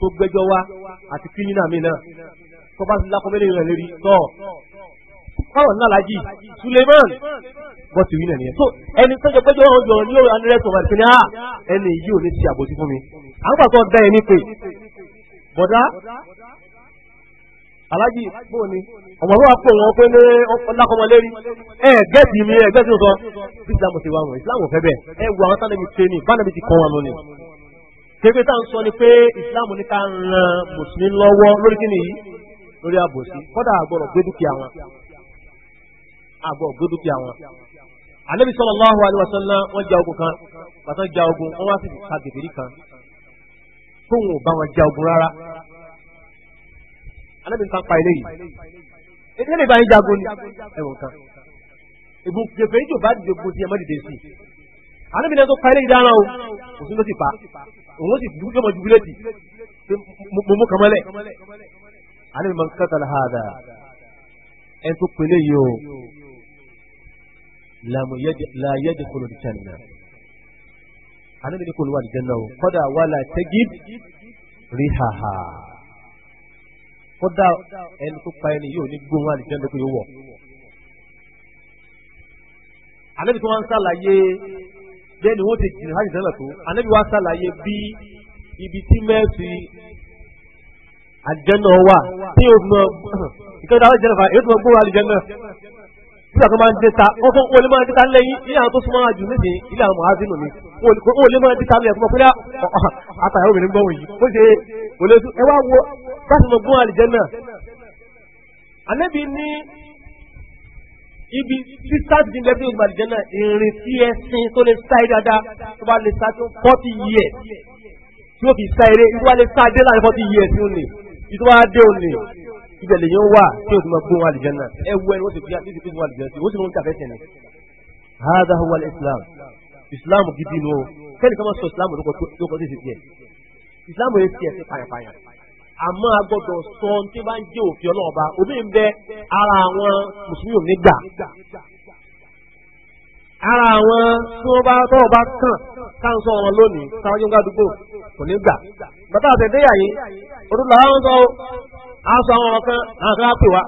tó gbẹjọ́ wá àti kírímìnà mi náà tó bá ti lákọ̀ọ́mẹ́lẹ̀ rẹ̀ lérí tọ́ káwọn náà lajì Suleiman bọ́ ti wí nà nìyẹn. tó ẹni tó jẹ pé jọ ọjọ ní òun anú rẹ tó máa tẹ̀lé ah ẹni yìí ò ní ti àbòsí fún mi. à ń pàtó ọ̀dá ẹni pé bọ̀dá alájì fóun ni ọmọ fún wa pé wọn pé ní ọlákọmọlérí ẹ gẹ́ẹ̀tì mi ẹ gẹ́ẹ̀tì sọ Islam ti wà wọn Islam ò fẹ́ bẹ́ẹ̀ ẹ wo àwọn sáré mi ṣe ni bá mi ti kọ́ wọn lọ ni. kébé sọ ni pé Islam ní ká ran mùsùlùmí lọ́wọ́ lórí kí lórí àbòsí kọ́dà àgbọ̀rọ̀ gbé dúkìá wọn àgbọ̀ gbé dúkìá wọn. ànábì sallallahu alaihi wasallam wọ́n ja ogun kan bàtà ja ogun wọ́n wá sí ìka gègèrè kan tóun ò bá wọn ja ogun rárá. ànábì nǹkan pa eléyìí èdè lè bá yín jagun ni ẹ̀wọ̀n kan ìbùn gègèrè jù bá dìjogun tiẹ̀ mọ́ dìde sí i ànábì náà tó pa eléyìí dáná o kò sí ló ti pa òun ó sì yọmọ jubilé ti mo mú kan mọ́lẹ̀ àní mi máa ń kẹta làhàdà ẹ tó pèlè yìí o làyẹ̀dì kúrò ní jẹ́nà àní mi ní kò ní wà ní jẹ́nà o kọ́dà wà là tẹ́gì rí hàhà kọ́dà ẹni tó pa ẹni yóò ní gbóhùn wà ní jẹ́nà tó wọ̀ anabi tí wọn ń sàlàyé bẹ́ẹ̀ ni wọn ti jìnnà hajj sẹlẹ tó anabi wọn sàlàyé bí ibi tí mẹsì àjẹ́nà wà tí yóò mọ ìkẹ́dọ̀ àwọn ìjẹ́nà fà yóò tún mọ gbóhùn àlìjẹ́nà nígbà tó máa ń déta wọ́n fún olè máa ń déta lẹ́yìn ilé àwọn tó súnmọ́ àjù nísìnyí ilé àwọn mọ̀hásínù ni olè máa ah, ah, ń déta lẹ́yìn fún ọkùnrin àtàwọn obìnrin gbọ́n wọ̀nyí ó ṣe olè tún ẹ wá wo láti mọ gbóhùn àlìjẹ́nà. ànábì ní ibi tí sáàtì ti lẹ́bí ògbà àlìjẹ́nà ìrìn sí ẹsìn tó lè sáì dáadáa tó bá lè sáà tó fọ́tì yíẹ̀ tí ó fi sáì ibi tó wá dé òní ibẹ̀ lè yẹn wà tí o ti máa gbé wọn àlùjánnà ẹ wọ ẹni wọ́n ti fi àti ìdíkùn wọn àlùjánnà wọ́n sì mú kàfẹ́ tẹ̀lé. hada huwa islam islam gidi nu kẹ́ni ká máa sọ islam lóko tó ti tiẹ̀ islam yẹn tiẹ̀ sí payapaya àmọ́ a gbọ́dọ̀ sọ tí bá ń jẹ́ òfin ọlọ́ọ̀ba omi ń bẹ ara àwọn mùsùlùmí ò gbà ara àwọn tí wọ́n bá tọ́ọ̀ bá kàn ká wọn lónìí káwọn yóò gbàdúgbò kò ní gbà bàtà àtẹ̀dẹ́yà yìí odò làwọn sọ aṣọ àwọn ọ̀kan àwọn kan á pè wá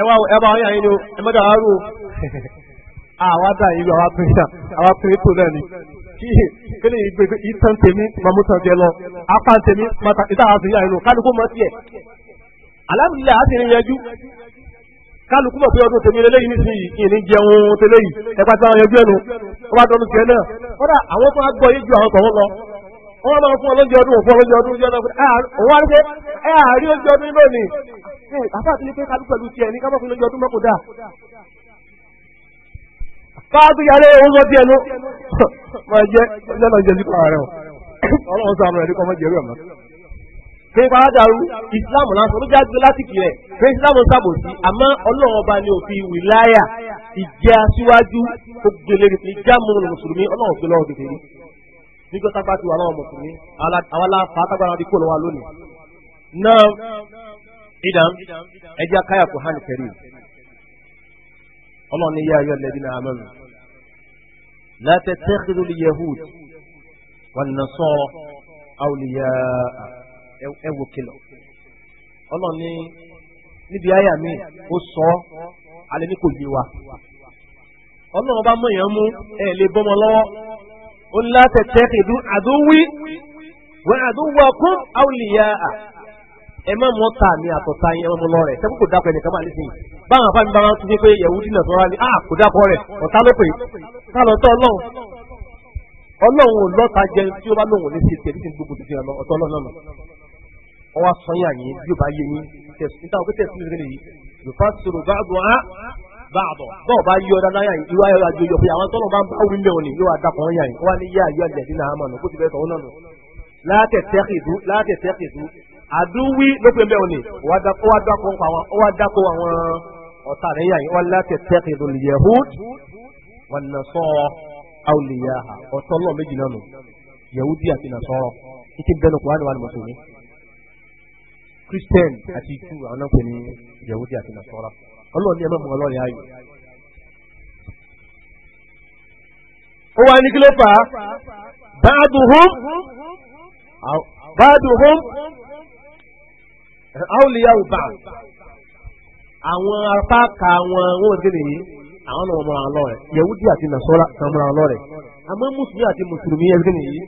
ẹwà ẹbà ọ̀yà yìí ni ó ẹmọ́dà wá rú àwa dà yìí àwa pè sà àwa pè tó náà ni kí kíni ìgbè ìtàn tèmi màmú tàn jẹ lọ apá tèmi màtà ìta àwọn àfihàn yìí nù kálukú mọ tiẹ̀ alhamdulilayi àti ìrìnyẹjú kálukú mọ̀ pé ọdún tèmi lélẹ́yìn nísìnyí ìní jẹun tẹ́lẹ́yìn ẹgbẹ́ tí wọ́n yanjú ẹnu wọ́n bá dọ́nu tiẹ̀ náà kódà àwọn tó wá gbọ́ yé ju àwọn tọ̀wọ́ lọ wọ́n máa fún ọlọ́jọ́ ọdún òfún ọlọ́jọ́ ọdún jọ́ ọdún òun wá rí pé ẹ àárí ọjọ́ ọdún lónìí àbá àti ní pé kábí pẹ̀lú tiẹ̀ ní kábọ̀ fún ọjọ́ ọdún mọ́kò dáa. káàbí yàrá òun lọ díẹ̀ nú máa jẹ́ ọjọ́ náà jẹ́ sí pa rẹ̀ ọlọ́run sàmúlẹ̀ ẹ̀dínkọ́ mọ́ jẹ́rú ẹ̀ mọ́ pé paradaru islam lásán ló jáde láti kìlẹ̀ pé islam sábò sí àmọ́ ọlọ́run ọba ni òfin wìláyà ìjẹ́ aṣíwájú ó gbélé ìjámúnú mùsùlùmí ọlọ́run gbélé ọ̀gẹ̀dẹ̀ yìí níjọ́ tá a bá ti wà láwọn mùsùlùmí àwọn aláfa tágbára wọn ti kó lọ́wọ́ lónìí. náà idan ẹjẹ́ akáyà kò hàn kẹrì ọlọ́run yá ayọ́ lẹ́bí náà amanu la tattakhidu al-yahud wan-nasara awliya ẹwù kìlọ̀ ọlọ́run níbi àyà mi ó sọ alẹ́ ní kò yé wa ọlọ́run bá mọ̀ yẹn mú ẹ̀ lè bọ́mọ lọ́wọ́ ó ní láti tẹ́kì dún àdúwí wọ́n àdúwọ̀ kún àwùlíyà à ẹ má mọ́ ta mi àtọ̀ta yẹn ọmọ lọ́rẹ̀ sẹ́kù kò dákọ̀ ẹnìkan máa ní sìn báwọn afáàmì bá wọn tún ní pé yẹ̀wù dínà tó rárá ni a kò dákọ̀ rẹ̀ ọ̀tá ló pè ká lọ tọ́ ọlọ́run ọlọ́run ò lọ́ta jẹ tí ó bá lóun ní ṣe tẹ̀lé gbogbo tuntun ọ̀nà ọ̀tọ́ ọlọ́run náà ọwọ́ báàbọ̀ bọ́ọ̀ bá yọ dáadáa yàn yìí wáyọ̀ àjò yọ̀ pé àwọn tọ́lọ̀ bá ń bá wí mẹ́wọ̀n ni yóò àdàkùn yàn yìí wá ní yá ayé ọ̀lẹ̀ dínà àmọ́ nù kó ti fẹ́ sọ̀rọ̀ náà nù. látẹ̀tẹ̀kìdú látẹ̀tẹ̀kìdú àdúwí ló pe mẹ́wọ̀n ni ó wá dákó àwọn ọ̀tá rẹ̀ yàn yìí wá látẹ̀tẹ̀kìdú yehud wà nasọ́ awliyaha ọ̀tọ́lọ̀ méjì náà nù yehudi àti nasọ́rọ̀ ìtì bẹ́nu kò wá ní wà ní mùsùlùmí christian àti jew àwọn náà pè ní yehudi àti nasọ́rọ̀. ọlọ́ọ̀ni ẹ má mú ọlọ́ọ̀ni ayò. ó wá ní kí ló fà á ba'duhum ba'duhum awliya'u ba'd àwọn apá ka àwọn wọn ò délé yìí àwọn náà mọ̀ra lọ rẹ̀ yẹ̀wúdí àti nàṣọ́ra kan mọ̀ra lọ rẹ̀ àmọ́ mùsùlùmí àti mùsùlùmí ẹ̀ délé yìí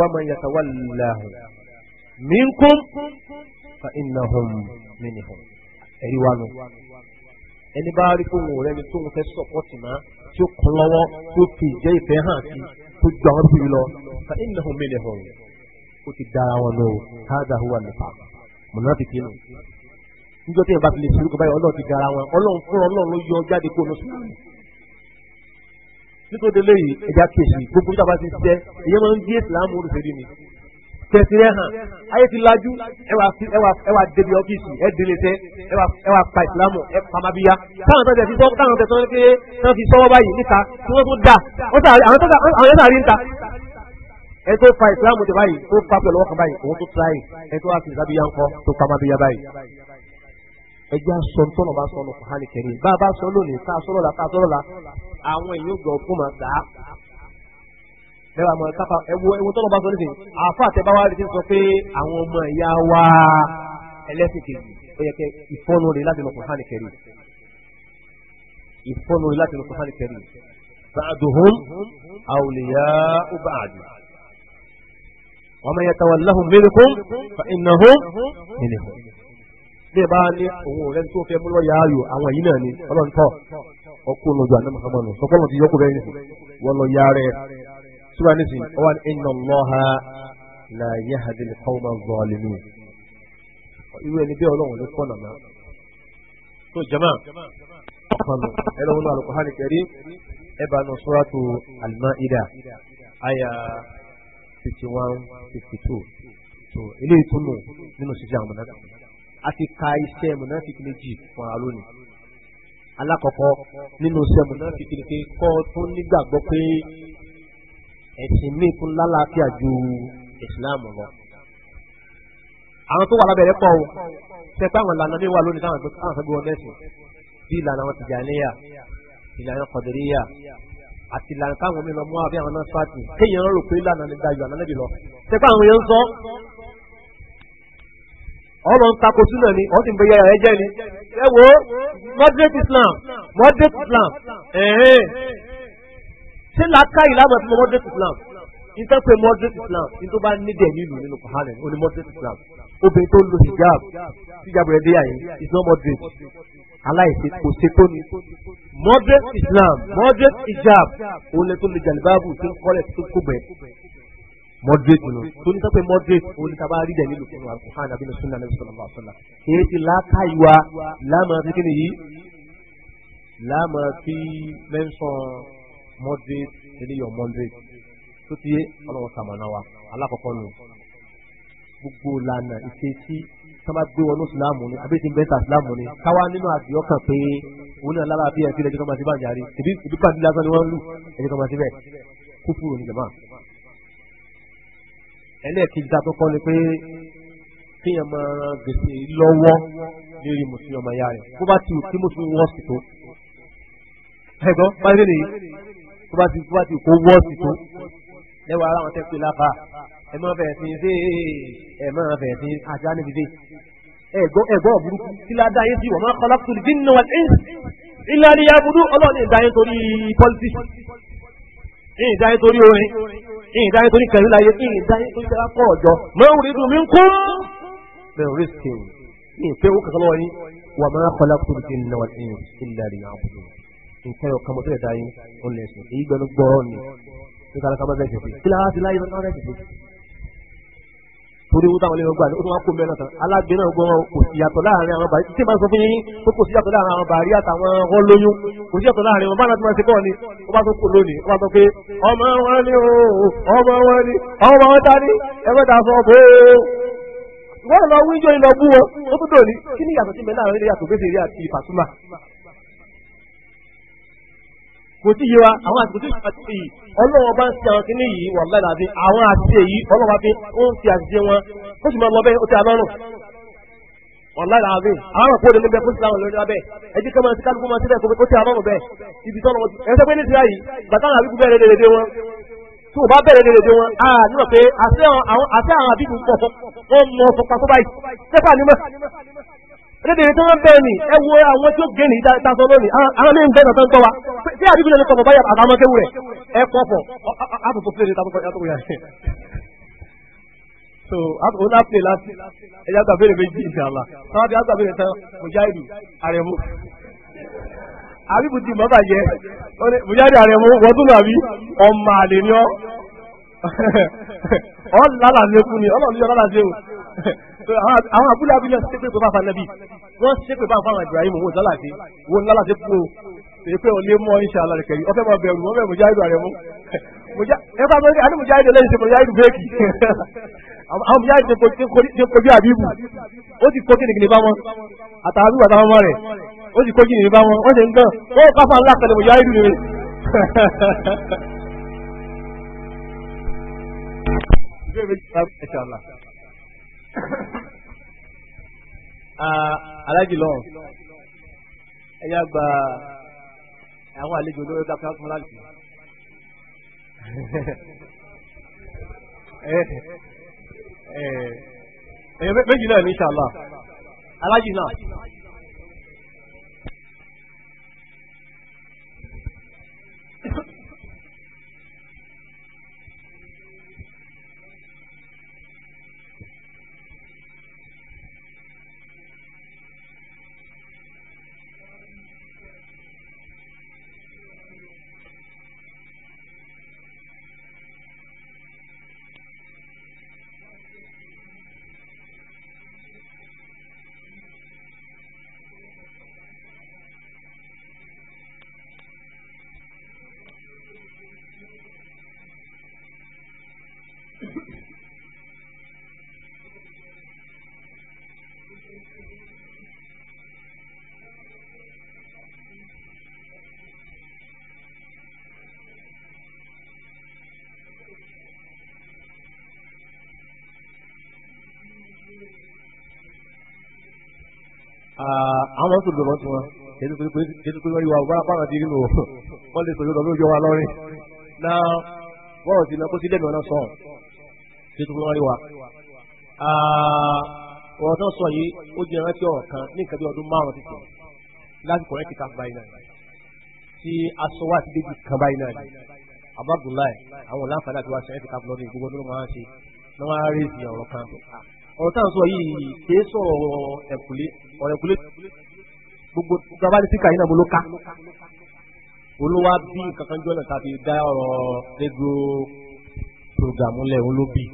wa man yatawallahu fa ẹ̀rí wa nù ẹni bá rí fóun rẹ ni tóun fẹ́ sọ̀pọ̀tì mọ́ tí ó kún lọ́wọ́ tí ó fi ìjẹ́ ìfẹ́ hàn sí tó ju àwọn bíbí lọ ká ẹni náà mi lè hàn yìí ó ti dára wọn lọ káàdà huwa nípa mọ̀nà ti kínú níjọ́ tí ẹ bá fi lè ṣe orúkọ báyìí ọlọ́run ti dára wọn ọlọ́run fúnra ọlọ́run ló yọ jáde kó lọ sùn nítorí eléyìí ẹja kejì gbogbo nígbà bá ti ṣiṣẹ́ ìyẹn máa ń bí tẹ̀sílẹ̀ hàn ayé ti lajú ẹ wà débi ọ́fíìsì ẹ délé tẹ ẹ wà pa ìsìlámù ẹ pàmàbíyá táwọn tẹ̀sán fi sọ́wọ́ táwọn tẹ̀sán pé táwọn fi sọ́wọ́ báyìí níta tí wọ́n tún dà àwọn yẹn sàrí níta ẹ tó fa ìsìlámù tẹ báyìí tó fa pẹ̀lú ọkàn báyìí òun tó tíráyì ẹ tó wà fi ìsàbíyá ńkọ tó pàmàbíyá báyìí ẹjẹ aṣọ ntọ́nà bá sọ ọ́nà kò hánìkẹ́rì bá a bá sọ lónìí ká sọ́nà la ká sọ́nà la àwọn èèyàn gbọ̀ fún màá ẹ wà mọ káfa ẹwọ ẹwọ tọ́lọ́ bá sọ ní sìn àáfà tẹ bá wà rí ti sọ pé àwọn ọmọ ìyá wa ẹlẹ́sìn kejì ó yẹ kẹ ìfọ́nù rẹ láti lọ́kùn hàn kẹrì ìfọ́nù rẹ láti lọ́kùn hàn kẹrì ba'duhum awliya'u ba'd wa man yatawallahum minkum fa innahum minhum bẹ́ẹ̀ bá ní òun rẹ̀ tó fẹ́ múlọ́ yá ayò àwọn yìí náà ni ọlọ́run ọkùnrin ojú àná mọ̀sánmọ́nù sọ́kọ́nù ti yọkù rẹ̀ wọ́n lọ yá rẹ̀ sura ní sìn ọwọ́ inna Allaha la yahdi al-qawma adh-dhalimin irú ẹni bẹ́ẹ̀ ọlọ́run ló kọ́ nàmá. tó jama ọ̀pọ̀lọpọ̀ ẹlọ́run náà Al-Qur'an Al-Karim ẹ bá nù suratu al fifty one fifty two tó ilé ìtúnú nínú sísè àwọn a ti ka iṣẹ́ mọ̀nàkì méjì fún ara lónìí alákọ̀ọ́kọ́ nínú iṣẹ́ mọ̀nàkì kékeré kọ́ tó nígbàgbọ́ pé ẹ̀sìn míì tún lálàáfíà ju ìsìláàmù lọ. àwọn tó wà lábẹ́rẹ́ pọ̀ o ṣe pé àwọn ìlànà míì wà lónìí táwọn fẹ́ gbé wọn mẹ́sìn bí ìlànà àwọn tìjàníyà ìlànà kọ̀dìríyà àti ìlànà táwọn míì lọ mú àbí àwọn náà sáàtì kéèyàn rò pé ìlànà ní dayọ̀ àná níbi lọ. ṣe pé àwọn yẹn ń sọ ọ̀rọ̀ ń takò sínú ni ọ̀sì ń bẹ yára ni ẹ wo moderate Islam moderate Islam ṣé làákàyè lábọ̀ fún moderate Islam nítorí pé moderate Islam ní tó bá nídẹ̀ nílùú nínú kọ̀hánẹ̀ ó ní moderate Islam obìnrin tó ń lo hijab hijab rẹ̀ dé àyè is not moderate aláìsí kò ṣe tó ní moderate Islam moderate hijab òun lè tó lè jàlibáàbù tó ń kọ́lẹ̀ tó kó bẹ̀ moderate nù tó ní sọ́pẹ́ moderate òun ní sábà rí dẹ̀ nílùú fún wa kọ̀hán àbí ní sunna nàbí sọ̀rọ̀ àṣọlá èyí ti làákàyè wa láàmú àti kíni yìí láàmú àti mẹ́ńsàn moderate eléyọ̀ moderate tó ti yé ọlọ́wọ́ sàmọ̀nà wa alákọ̀ọ́kọ́ nù gbogbo lànà ìṣesí sábà gbé wọnú ìsìlámù ni àbí ti ń bẹ́ta ìsìlámù ni káwá nínú àdìọ́ kan pé òun náà lábàá bí ẹ fi lẹ́jọ́ kan máa ti bá jàre ìbí pàdé lásán ni wọ́n ń lù ẹjọ́ kan máa ti bẹ̀ kú fúrò ní jàmá. ẹlẹ́ẹ̀kejì tá tó kọ́ ni pé kéèyàn máa ran gbèsè lọ́wọ́ lérí mùsùlùmí ọmọ ya rẹ̀ bó bá ti wù kí mùsùlùmí wọ́ọ̀sì tó. ẹ̀gbọ́n báyìí tó bá ti tó bá ti kó wọ́ọ̀sì tó lẹ́wọ̀ ara wọn tẹ́ pé lápá ẹ máa bẹ̀rẹ̀ sí ṣe ẹ máa bẹ̀rẹ̀ sí àti ánìbíbí ẹ̀gbọ́n ẹ̀gbọ́n burúkú kí lá dáyé sí wọ́n máa kọ́ lápútù bí nínú wọn ẹ̀ ilé aríyá burú ọlọ́ọ̀ni ìdáyé torí politics ìdáyé torí orin ìdáyé torí kẹrù láyé ìdáyé torí kẹrù akọ ọjọ́ mọ́wùrí dùn mí ń kún bẹ̀rù rìsíkì ìfẹ́ òkè kọ́lọ́wọ́ yín wọ́n máa kọ́ lápútù bí nínú wọn ẹ̀ ilé aríyá burú nǹkan yọ kàmọ́ tẹ́lẹ̀ dáyé òun lè sùn èyí gbẹnu gbọ́rọ̀ ni nípa alákàmọ́ bẹ́ẹ̀ jẹ̀bi kí lára ti láyé lọ́wọ́ bẹ́ẹ̀ jẹ̀bi. torí wúta wọlé ọgbà ni ó tún wá kó mẹ́rin tán alágbé náà gbọ́n kò sí yàtọ̀ láàrin àwọn bàrí tí màá sọ fún yín pé kò sí yàtọ̀ láàrin àwọn bàrí àtàwọn ọlóyún kò sí yàtọ̀ láàrin wọn bá láti máa ṣe kọ́ ni wọ́n bá tó kó lónìí wọ́n bá tó pé ọmọ wọn o ọmọ wọn ni ọmọ wọn ta ni ẹ mẹ́ta fọ bó wọ́n lọ wíjọ́ ìlọ kò sí yé wa àwọn àsìkò tó yàtọ̀ sí yìí ọlọ́wọ́n bá ń ṣe àwọn kíní yìí wà láìla àti àwọn àti èyí ọlọ́wọ́n fi ó ń fi àṣìṣe wọn ó sì máa lọ bẹ́ẹ̀ ó ti àlọ́rùn wà láìla àti àwọn àpò òdòdó bẹ́ẹ̀ kó sì láwọn lórí abẹ́ ẹ jẹ́ kẹ́mọ́ sí kálukú máa síbẹ̀ kó ti àlọ́rùn bẹ́ẹ̀ ibi tọ́nà wọn ẹ sọ pé ní ìsirá yìí bàtà àwọn àbíkú bẹ́ẹ̀ lédè wọn tí o bá bẹ̀rẹ̀ lédè wọn a níwọ̀n pé àṣẹ àwọn àbíkú pọ̀ fún wọn mọ fọpá tó báyìí ẹlẹ́bìnrin tó wọ́n bẹ́ẹ̀ ni ẹ wo àwọn tí ó gé ní ìtàṣọ lónìí àwọn mí ń bẹ́ẹ̀ tó ń gbọ́ wa tí àdúgbò lè kọ̀ọ̀bọ̀ báyà àtàwọn ẹ so láti ẹ̀yà méjì táwọn tán mùjáìdù àrẹ̀mú àwọn abúlé abúlé ṣe pé bàbá fanabi wọ́n ṣe pé bàbá fanabi ibrahim wọn lálàdé wọn lálàdé kú o èyí pé òun lè mọ iṣẹ́ alárẹ̀ kẹ̀rí ọ̀fẹ́ máa bẹ̀rù wọ́n bẹ̀rù mujahid rẹ̀ mú ẹ bá mọ́ni àti mujahid lẹ́yìn ṣe mujahid bẹ́ẹ̀kì àwọn mujahid ṣe kojú àbíbù ó sì kó kìnìkìnì bá wọn àtàwọn àtàwọn ọmọ rẹ̀ ó sì kó kìnìkìnì bá wọn wọ́n ṣe ń gàn wọ́n kọ́ fún aláàpẹ̀lẹ̀ mujahid rẹ̀ Thank you. Ah, alájì lọ ẹ yá gba àwọn àlejò lórí láti. Eh, eh, eh, méjì náà ní sàlá alájì náà. àwọn tó lọ́wọ́ tí wọn ètò pé ètò pé wọ́n yọ àwọn báwọn ti rí nù wọ́n lè sọ̀rọ̀ lọ́wọ́ wa lọ́rin náà bọ́ọ̀ ti lọ kó sí lẹ́nu ọ̀nà sọ̀rọ̀ ètò pé wọ́n rí wa. ọ̀rọ̀ tó sọ yìí ó jẹ́ rántí ọ̀rọ̀ kan ní nǹkan bí ọdún márùn-ún ti tẹ̀ lásìkò rẹ̀ ti ká báyìí náà tí aṣọ wa ti débi kan báyìí náà abdullahi àwọn láǹfààní àti wàṣẹ ẹ̀ ti ká ọ̀rọ̀ táwọn sọ yìí kì í sọ̀rọ̀ ẹ̀kúlé ọ̀rọ̀ ẹ̀kúlé gbogbo gbogbo alẹ́ síkà yìí náà mo ló ká olówá bí kankan jọ náà tàbí dá ọ̀rọ̀ rédíò program lẹ̀ ń ló bì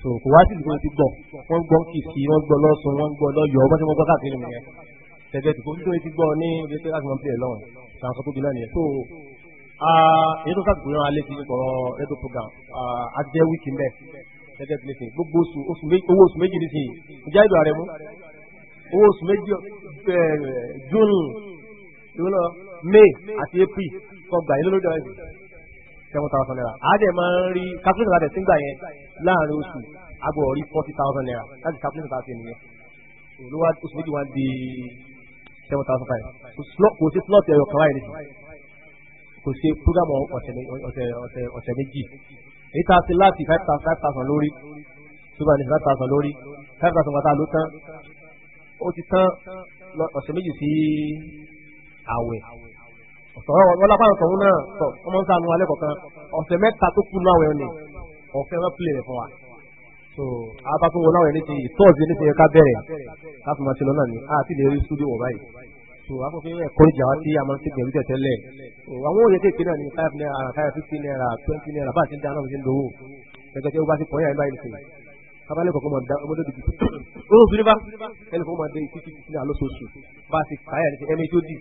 so kò wá sí ìdíkùn ti gbọ̀ wọ́n gbọ́ kìsì wọ́n gbọ́ lọ́sùn wọ́n gbọ́ lọ́yọ̀ọ́ bọ́sẹ̀ wọ́n gbọ́ káàkiri nìyẹn tẹ̀gbẹ́ tí kò ń tóye ti gbọ́ ní ìgbésẹ̀ láti mọ̀ pílẹ̀ lọ́wọ́ sàǹkó tó gbiná nìyẹn. so ah, èyí tó sàkóso gẹ́gẹ́ bí nísìnyí gbogbo oṣù owó oṣù méjì nísìnyí ìjà ìdò ààrẹ mú owó oṣù méjì june ìwúlọ may àti april kọ gbà yín lọ́dọ̀ ẹ̀sìn seven thousand naira àádẹ́ máa ń rí calculation láti ẹ̀sìn gbà yẹn láàrin oṣù àgbọ̀ rí forty thousand naira láti calculation láti ẹ̀sìn nìyẹn òun wá oṣù méjì wá di seven thousand five kò sí slot ẹ̀yọ̀ kan wáyé nìyẹn kò sí program ọ̀sẹ̀ méjì níta sí láti five thousand five thousand lórí two thousand five thousand lórí five thousand wàtá ló tán ó ti tán ọ̀sẹ̀ méjì sí àwẹ̀ ọ̀sọ̀rọ̀ wọn lápá ọ̀sọ̀rọ̀ náà sọ ọmọ ń sànú alẹ́ kọ̀ọ̀kan ọ̀sẹ̀ mẹ́ta tó kú náà wẹ̀ ni ọ̀fẹ́ wọn pìlẹ̀ fún wa so abá tó wọ náà ní ti tọ́ọ̀sì ní ti yẹ ká bẹ̀rẹ̀ láti máa ṣe lọ́nà ni àti lè rí súdíò wọ̀ báyìí so wàá fọwọ́ ẹ̀ kọ́ni jà wá sí àmọ́ sí gbẹ̀rú tẹ̀tẹ̀lẹ̀ àwọn òye kékeré náà ní five naira five fifty naira twenty naira bá a ti ń dáná ọ̀sẹ̀ lówó gẹ́gẹ́ tí ó bá ti pọ̀ yà ẹ̀ báyìí nìkan kábàlẹ̀ kọ̀ọ̀kan mọ̀ dá ọmọdé dìbò olóhùn sí ní bá ẹnì kan mọ̀ dé ìfífi sí ní alóṣooṣù bá a ti káyà ní ẹni tó dì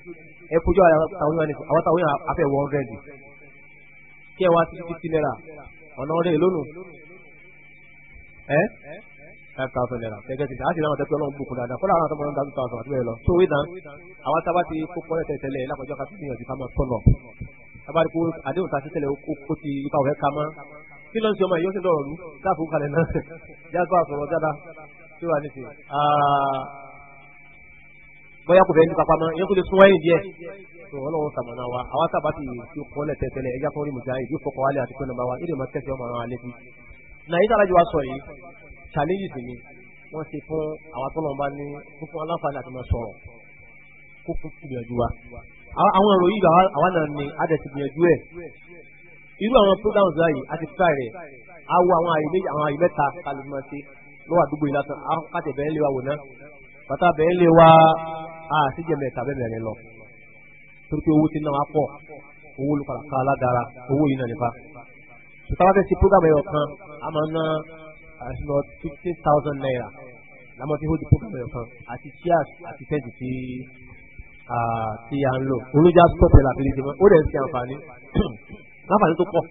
ẹ kojú àwọn táwọn yàn afẹ́ one hundred kí ẹ wá sí fifty five thousand naira gẹ́gẹ́ ti àti ìlànà tẹ́tí ọlọ́run bùkún dáadáa kọ́lá àwọn àtọmọ́ ń da two thousand àti bẹ́ẹ̀ lọ. so wíìdán àwọn sábà ti kó pọ́nlẹ̀ tẹ̀tẹ̀lẹ̀ lápẹjọ́ ká sí gbìyànjú ká mọ̀ tọ́nà. sábàdì kó àdéhùn ta títẹ̀lẹ̀ ó ti ipa òfẹ́ ka mọ́. kí ló ń sọ ọmọ yìí ó sì dọ̀rọ̀ lù káàfù kalẹ̀ náà jágbá sọ̀rọ̀ jáda tí wà nísì. bóyá kò fẹ́ ní papamọ́ ìyẹn kò lè sún wáyé díẹ̀. ọlọ́run sàmọ̀nà wa àwọn sábà ti fi pọ́nlẹ̀ tẹ̀tẹ̀lẹ̀ ẹja fún rímù jáde ìdí fọkànwálé àti pé nàmbá wa ìdè máa tẹ̀sí ọmọ àwọn àlejò. nàìjíríà lájú wa sọ yìí challenges ni wọ́n ṣe fún àwọn tó lọ́n bá ní fúnfún aláǹfààní àti máa sọ̀rọ̀ kó fún gbìyànjú wa. àwọn ọ̀rọ̀ yìí àwa náà ni a dẹ̀ ti gbìyànjú ẹ̀. irú àwọn programs báyìí a ti try rẹ̀ a wo àwọn àyè méjì àwọn àyè mẹ́ta kálí máa ṣe lọ́wọ́ àdúgbò yìí lásán a pàtẹ bẹ́ẹ̀ lé wa wò ná bàtà bẹ́ẹ̀ lé wa a sì jẹ́ mẹ́ta bẹ́ẹ̀ mẹ́rin lọ. torí pé owó ti náà wá pọ̀ owó olùkàlà kan aládàra owó yìí náà nípa. sùtàwá fẹ́ ṣe program ẹ̀yọ̀ kan a máa ná àti lọ sixteen thousand naira lámọ́ tí ó di program rẹ̀ kan àti chairs àti tẹ́ǹtì tí tí a ń lò olójà stop ẹ̀ làbílẹ̀ jẹ́ mọ́ ó dẹ̀ ń ṣe àǹfààní láǹfààní tó pọ̀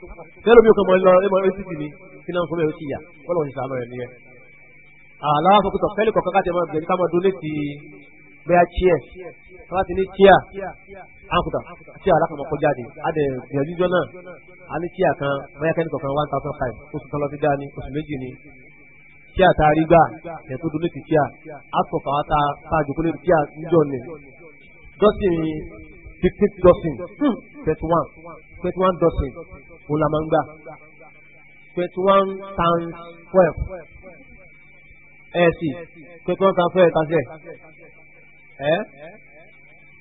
fẹ́ẹ́ lómi òkè mọ́ ẹ lọ ẹ mọ ẹ sì ní kí náà fún mi ó sì yà kọ́ lọ́wọ́ ti sàánú ẹ̀ nìyẹn. àlàáfọ̀ pẹ̀tọ̀ fẹ́ẹ́lì kọ̀ọ̀kan káàtì ẹ̀ máa bẹ̀rẹ̀ ká máa donate bẹ́ẹ̀ chair tọ́lá ti ní chair ankuta chair alákàmọ́ kọjá de adẹ gbìyànjú jọ náà a ní chair kan bẹ́ẹ̀ kẹ́ni kọ̀ọ̀kan one thousand five oṣù kan lọ ti dá ní oṣù méjì ni chair tá a rí gbà ẹ̀ tó dúró ti chair a sọ kàwá tá a jòkó lórí chair níjọ ni dọ́sìn fifteen dọ́sìn hmm. twenty one twenty one dọ́sìn òun la máa ń gbà twenty one times twelve ẹ̀ẹ́sì twenty one times twelve times ẹ̀ ẹ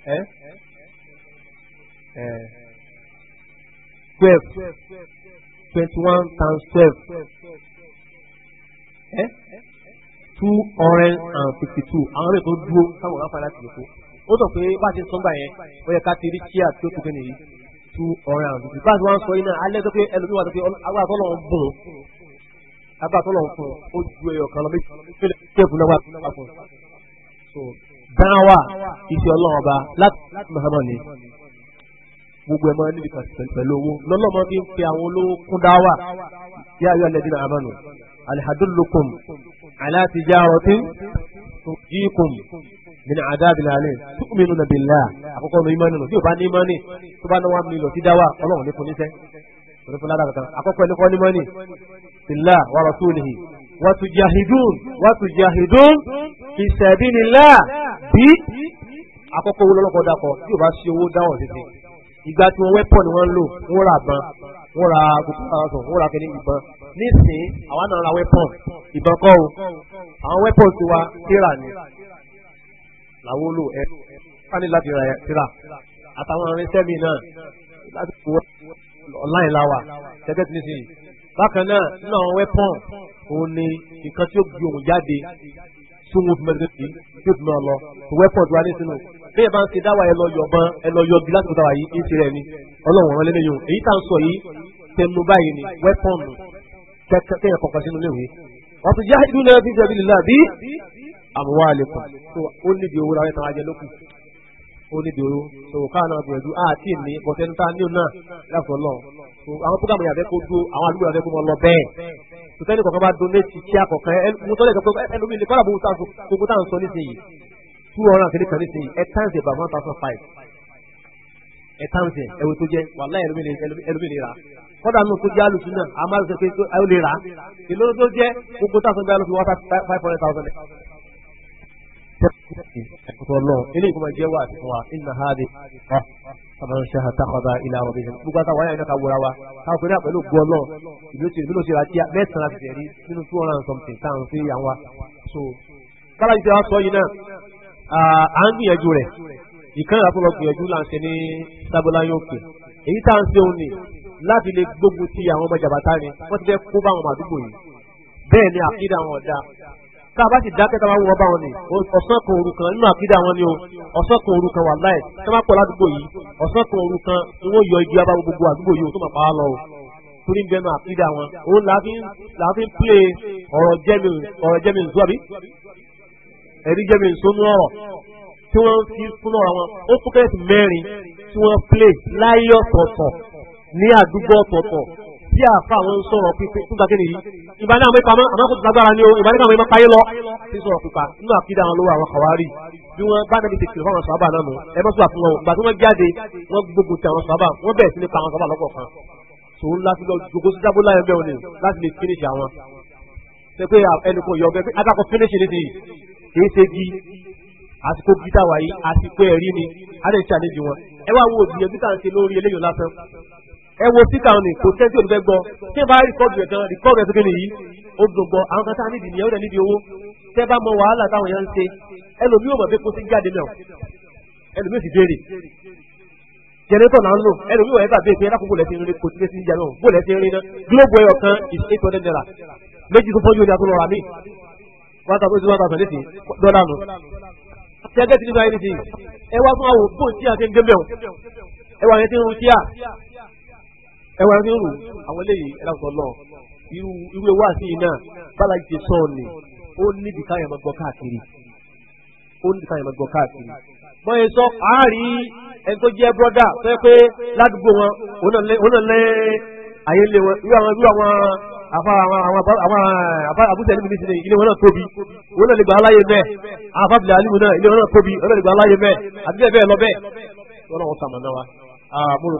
ẹ ẹ twelve twenty one times twelve ẹ two hundred and fifty two àwọn ọ̀rẹ́ tó dúró káwọn ọ̀gá fara ti kó ó sọ pé bá a ti sọ́ngbà yẹn ó yẹ ká ti rí chia tó tó fẹ́ nìyí two hundred and fifty bá a ti sọ yìí náà alẹ́ tó pé ẹlòmíì wà tó pé agbára tó lọ́wọ́ bùn agbára tó lọ́wọ́ fún ó ju ẹyọ kan lọ méjì tó náà wà fún dáwà iṣẹ́ ọlọ́run ọba láti Muhammad ni gbogbo ẹ̀ máa níbi pẹ̀lú owó lọ́lọ́mọ bí ń pe àwọn olówó kún dáwà yá ayọ́ alladhina amanu alhadullukum ala tijaratin tujikum min adabil alim tu'minuna billah àkọ́kọ́ ní ìmánì nù tí o bá ní ìmánì tó bá ní wọn mi sí dáwà ọlọ́run ní fún níṣẹ́ wàtújàhìdùn wàtújàhìdùn fi sabilillah bí àkọ́kọ́ owó lọ́lọ́kọ́ dakọ̀ tí o bá ṣe owó dáhùn títí ìgbà tí wọ́n wẹ́pọ̀ ni wọ́n ń lò wọ́n ra àbọ̀n wọ́n ra gbogbo wọ́n ra kẹ́lẹ́ ìbọn nísìnyí àwa náà ra wẹ́pọ̀ ìbọn kọ́ o àwọn wẹ́pọ̀ ti wa tíra ni làwọn olò ẹ fani láti ra tíra àtàwọn irinṣẹ́ mi náà láti wọ́n ọ̀láìláwà tẹ́tẹ́ tí nísìnyí bákan náà nínú àwọn wẹ́pọ̀n òun ni nǹkan tí ó gbé òun jáde tí òun fi mẹ́rin sí tí ó fi mọ́ lọ wẹ́pọ̀n tó wá ní sínú. bí ẹ bá ń ṣe dáwà ẹ lọ yọ̀bọ̀n ẹ lọ yọgi láti dáwà yìí ń ṣe rẹ̀ ni ọlọ́run ọ̀rọ̀ lẹ́nu yòó èyí tá à ń sọ yìí tẹnu báyìí ni wẹ́pọ̀n kẹ́kẹ́ kọ̀ọ̀kan sínú léwe. wọ́n ti jáde dúró náà fi onídòró tòun káà náà gbìyànjú àti ìní bọ̀tẹ́ni tá a ní òun náà yàtọ̀ lọ. àwọn programu yàtọ̀ kó dúró àwọn àdúgbò yàtọ̀ kó mọ lọ bẹ́ẹ̀. sọtẹ́ni kọ̀ọ̀kan bá donate tí a kọ̀ọ̀kan ẹnu tó lè sọ pé ẹnu mi lè kọ́ra bó tá à ń sọ nísìnyí two hundred and three kan nísìnyí ẹ times about one thousand five ẹ times ẹ wo tó jẹ wàhálà ẹlòmí lè ra kọ́dà nù tó jẹ́ alùsùn náà àmọ́ àlùsùn pé ó lè ra ìlú tó jẹ́ gbogbo táwọn sọ tẹ́kùtì ẹ̀kútọ́ lọ́wọ́ ilé ìkọ́mọ jẹ́ wà fún wa ìnà hádi ọ̀ sọmọdún ṣe hàn tákọ̀dá ilé àwọn ọmọdé gbogbo àtàwọn ayé náà wúra wa káwọn pẹ̀lú àpẹẹlú gbọ́ lọ ìlú ti ìlú ti ra àkídà àwọn ọ̀dà tá a bá sì dákẹ́ tá a bá wọ bá wọn ni ọ̀sán kan òru kan nínú àkídà wọn ni o ọ̀sán kan òru kan wà láì tá a pọ̀ ládùúgbò yìí ọ̀sán kan òru kan ni wọ́n yọ igi abá gbogbo àdúgbò yìí o tó máa pa á lọ o torí bẹ́ẹ̀ náà àkídà wọn òun làáfin pílé ọ̀rọ̀ jẹ́mi nsú àbí ẹ̀rí jẹ́mi nsú nú ọ̀rọ̀ tí wọ́n fi fún ọ̀rọ̀ wọn ó fúkẹ́ẹ̀tì mẹ́rin tí wọ́n pílé láyé ọ̀tọ̀ọ̀tọ̀ ní àdúgbò ọ̀tọ̀ọ̀tọ̀ bí àfa àwọn ń sọ̀rọ̀ pípé tó gbàgbé nìyí ìbá náà mẹ́ta mọ́ àmọ́ kò tó lágbára ni o ìbá náà mẹ́ta páyé lọ tí sọ̀rọ̀ pípa nínú àfihàn àwọn olówó àwọn kàwárì bí wọ́n bá nàbí tètè fáwọn sàábà náà nù ẹ mọ́sọ̀ àfihàn wọn gbà tí wọ́n jáde wọ́n gbógun ti àwọn sàábà wọ́n bẹ̀rẹ̀ sí ní pa àwọn sàábà lọ́pọ̀ kan tó ń láti lọ jogo sí jábó láyọ̀ bẹ́ẹ̀ ni láti finish àwọn ṣe pé ẹnu kò yọ ọbẹ̀ pé adakọ̀ finish ní ti kì í ṣe gi àsìkò gítà wáyé àsìkò ẹ̀rí ni adé ṣàlejò ẹ wo síkà òní kò tẹ́sí òní fẹ́ gbọ́ tí ẹ bá rìkọ́dù rẹ̀ tán rìkọ́dù rẹ̀ sókè nìyí ó dùn gbọ́ àwọn kan tá a nídi nìyẹn ó dẹ̀ nídi owó tẹ́ bá mọ wàhálà táwọn yẹn ń ṣe ẹlòmí ò mọ̀ pé kó sí jáde náà ẹlòmí ò sì béèrè jẹnẹtọ̀ náà ń lò ẹlòmí wọ̀nyẹn tàbí ìpín ẹlákòókò lẹ́sìn rin kò tilẹ̀ sí ìjà náà bó lẹ́sìn rin náà gílóòbù ẹyọ kan is eight hundred naira méjì tó fọ́jú ní atúnlọ́ra mi one thousand one thousand eight dọ́là nù. tẹ́gẹ́tì nínú ayé nìyí ẹ wá fún àwọn a ti ń dé mẹ́wọ̀n ẹ yẹn ti ń rú kíá ẹ wá ní rù àwọn eléyìí ẹ láwùjọ lọ irú irú ewu àti iná bala ti sọ ni ó níbi káyọ̀ máa gbọ́ káàkiri ó níbi káyọ̀ máa gbọ́ káàkiri mọ ẹ sọ àárín ẹni tó jẹ́ bọ́dà tó yẹ pé ládùúgbò wọn òun náà lé ayé lé wọn irú àwọn irú àwọn afa àwọn àwọn afa abúlé ẹni mi nísìnyí ilé wọn náà tóbi òun náà lè gba aláyé mẹ àwọn alimu náà ilé wọn náà tóbi òun náà lè gba aláyé mẹ àbílẹ̀ bẹ́ẹ̀ lọ bẹ́ẹ̀ wọn náà wa mo rò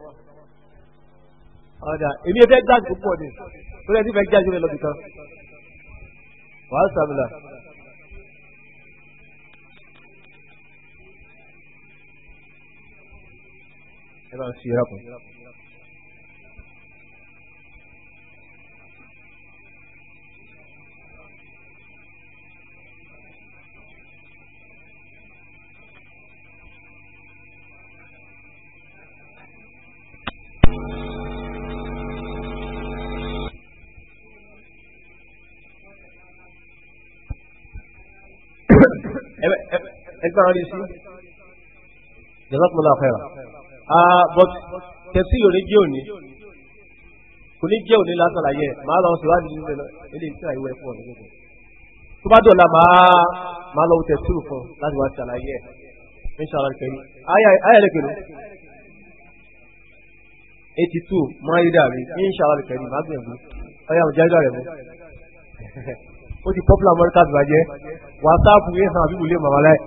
ọ̀dà èmi ẹ fẹ́ gáàsì púpọ̀ ni tó lẹ́ni fẹ́ jáde lọ́dún kan wàá sàmìlà. ẹ bá ń fi ẹ rà kùn. ẹgbẹ́ wọn rí sí jazakumullahu khairan ah, but tẹ̀sí yóò ní jẹ́ òní kò ní jẹ́ òní lásán àyẹ̀ màá lọ sọ̀rọ̀ àdìsí nílẹ̀ ilé iṣẹ́ ìwé ẹ̀fọ́ ọ̀dọ́ gbogbo tó bá dọ̀la màá lọ tẹ̀sí fún láti wá ṣàlàyé ẹ̀ insha Allah kẹ́yìn ayẹ̀lẹ̀ kẹ́lú eighty two máa rí dàbí insha Allah kẹ́yìn màá gbìyànjú ọ̀yà ọ̀jáde rẹ̀ mú. ó ti popular Amẹ́ríkà ti bàjẹ́ wàsáàpù yẹn hàn àbíbù lé màmá láì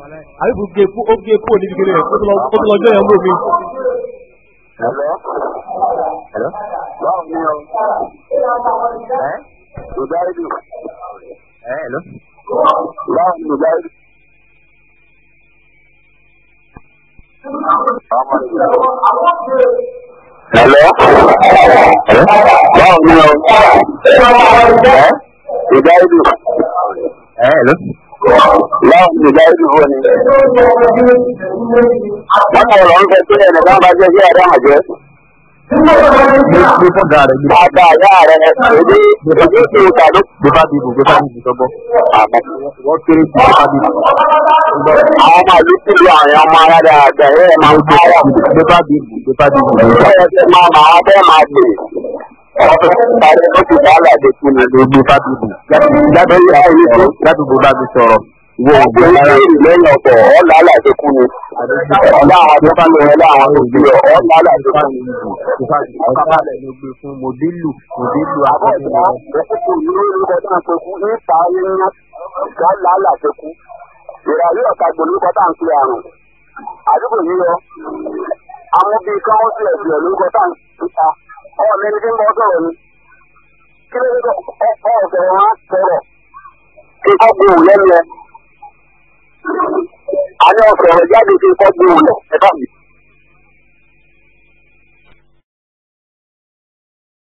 àbíbù gé kó ó gé kó níbi kéde rẹ̀ ó ti lọ jọ́ yẹn mú mi. báwo ni o ẹ ìdarí bi ẹ ẹ lọ báwo ni ìdarí bi. Hello? Hello? Báwo ni o? Ẹ ìdarí bi ẹ lọ. láwọn ìgbà ìdìbò wọn o tàbí. Gbé bá bíbù gbé bá bíbù tọ́gbọ́. Àmọ́ wọ́n kéré sí gbé bá bíbù. Àwọn ọmọ ìlú ti lu àwọn ọmọ ara rẹ̀ àgbẹ̀ ni ọtí wàhálà dé kí ni ojú fábíbù jábẹ́lí ayélujára jábìbù bá mi sọ̀rọ̀ ìwé ògbó lára lẹ́yìn ọ̀pọ̀ ọ̀là àlàdé kú ni ọ̀là àwọn adébálẹ̀ ọ̀là àwọn òbí ọ̀là àlàdé kú ni ìlú. ọ̀kábàlẹ̀ ló gbé fún mòdélù mòdélù akọ́bí wọn. ìràwé ọ̀ka gbòmíkọ́ tá à ń fi àrùn àdúgbò yìí lọ àwọn bíi kí wọ́n ti ẹ̀sìn ẹ̀ lórúkọ tá à ń fi ta ọ̀rọ̀ mi ni kí bọ́ sọ̀rọ̀ ni kí ló ń sọ ọ̀rọ̀ sọ̀rọ̀ wá sọ̀rọ̀ kí n kọ́ gbòòrò lẹ́nu ẹ̀ àní ọ̀sọ̀rọ̀ jáde kí n kọ́ gbòòrò ẹ̀ bá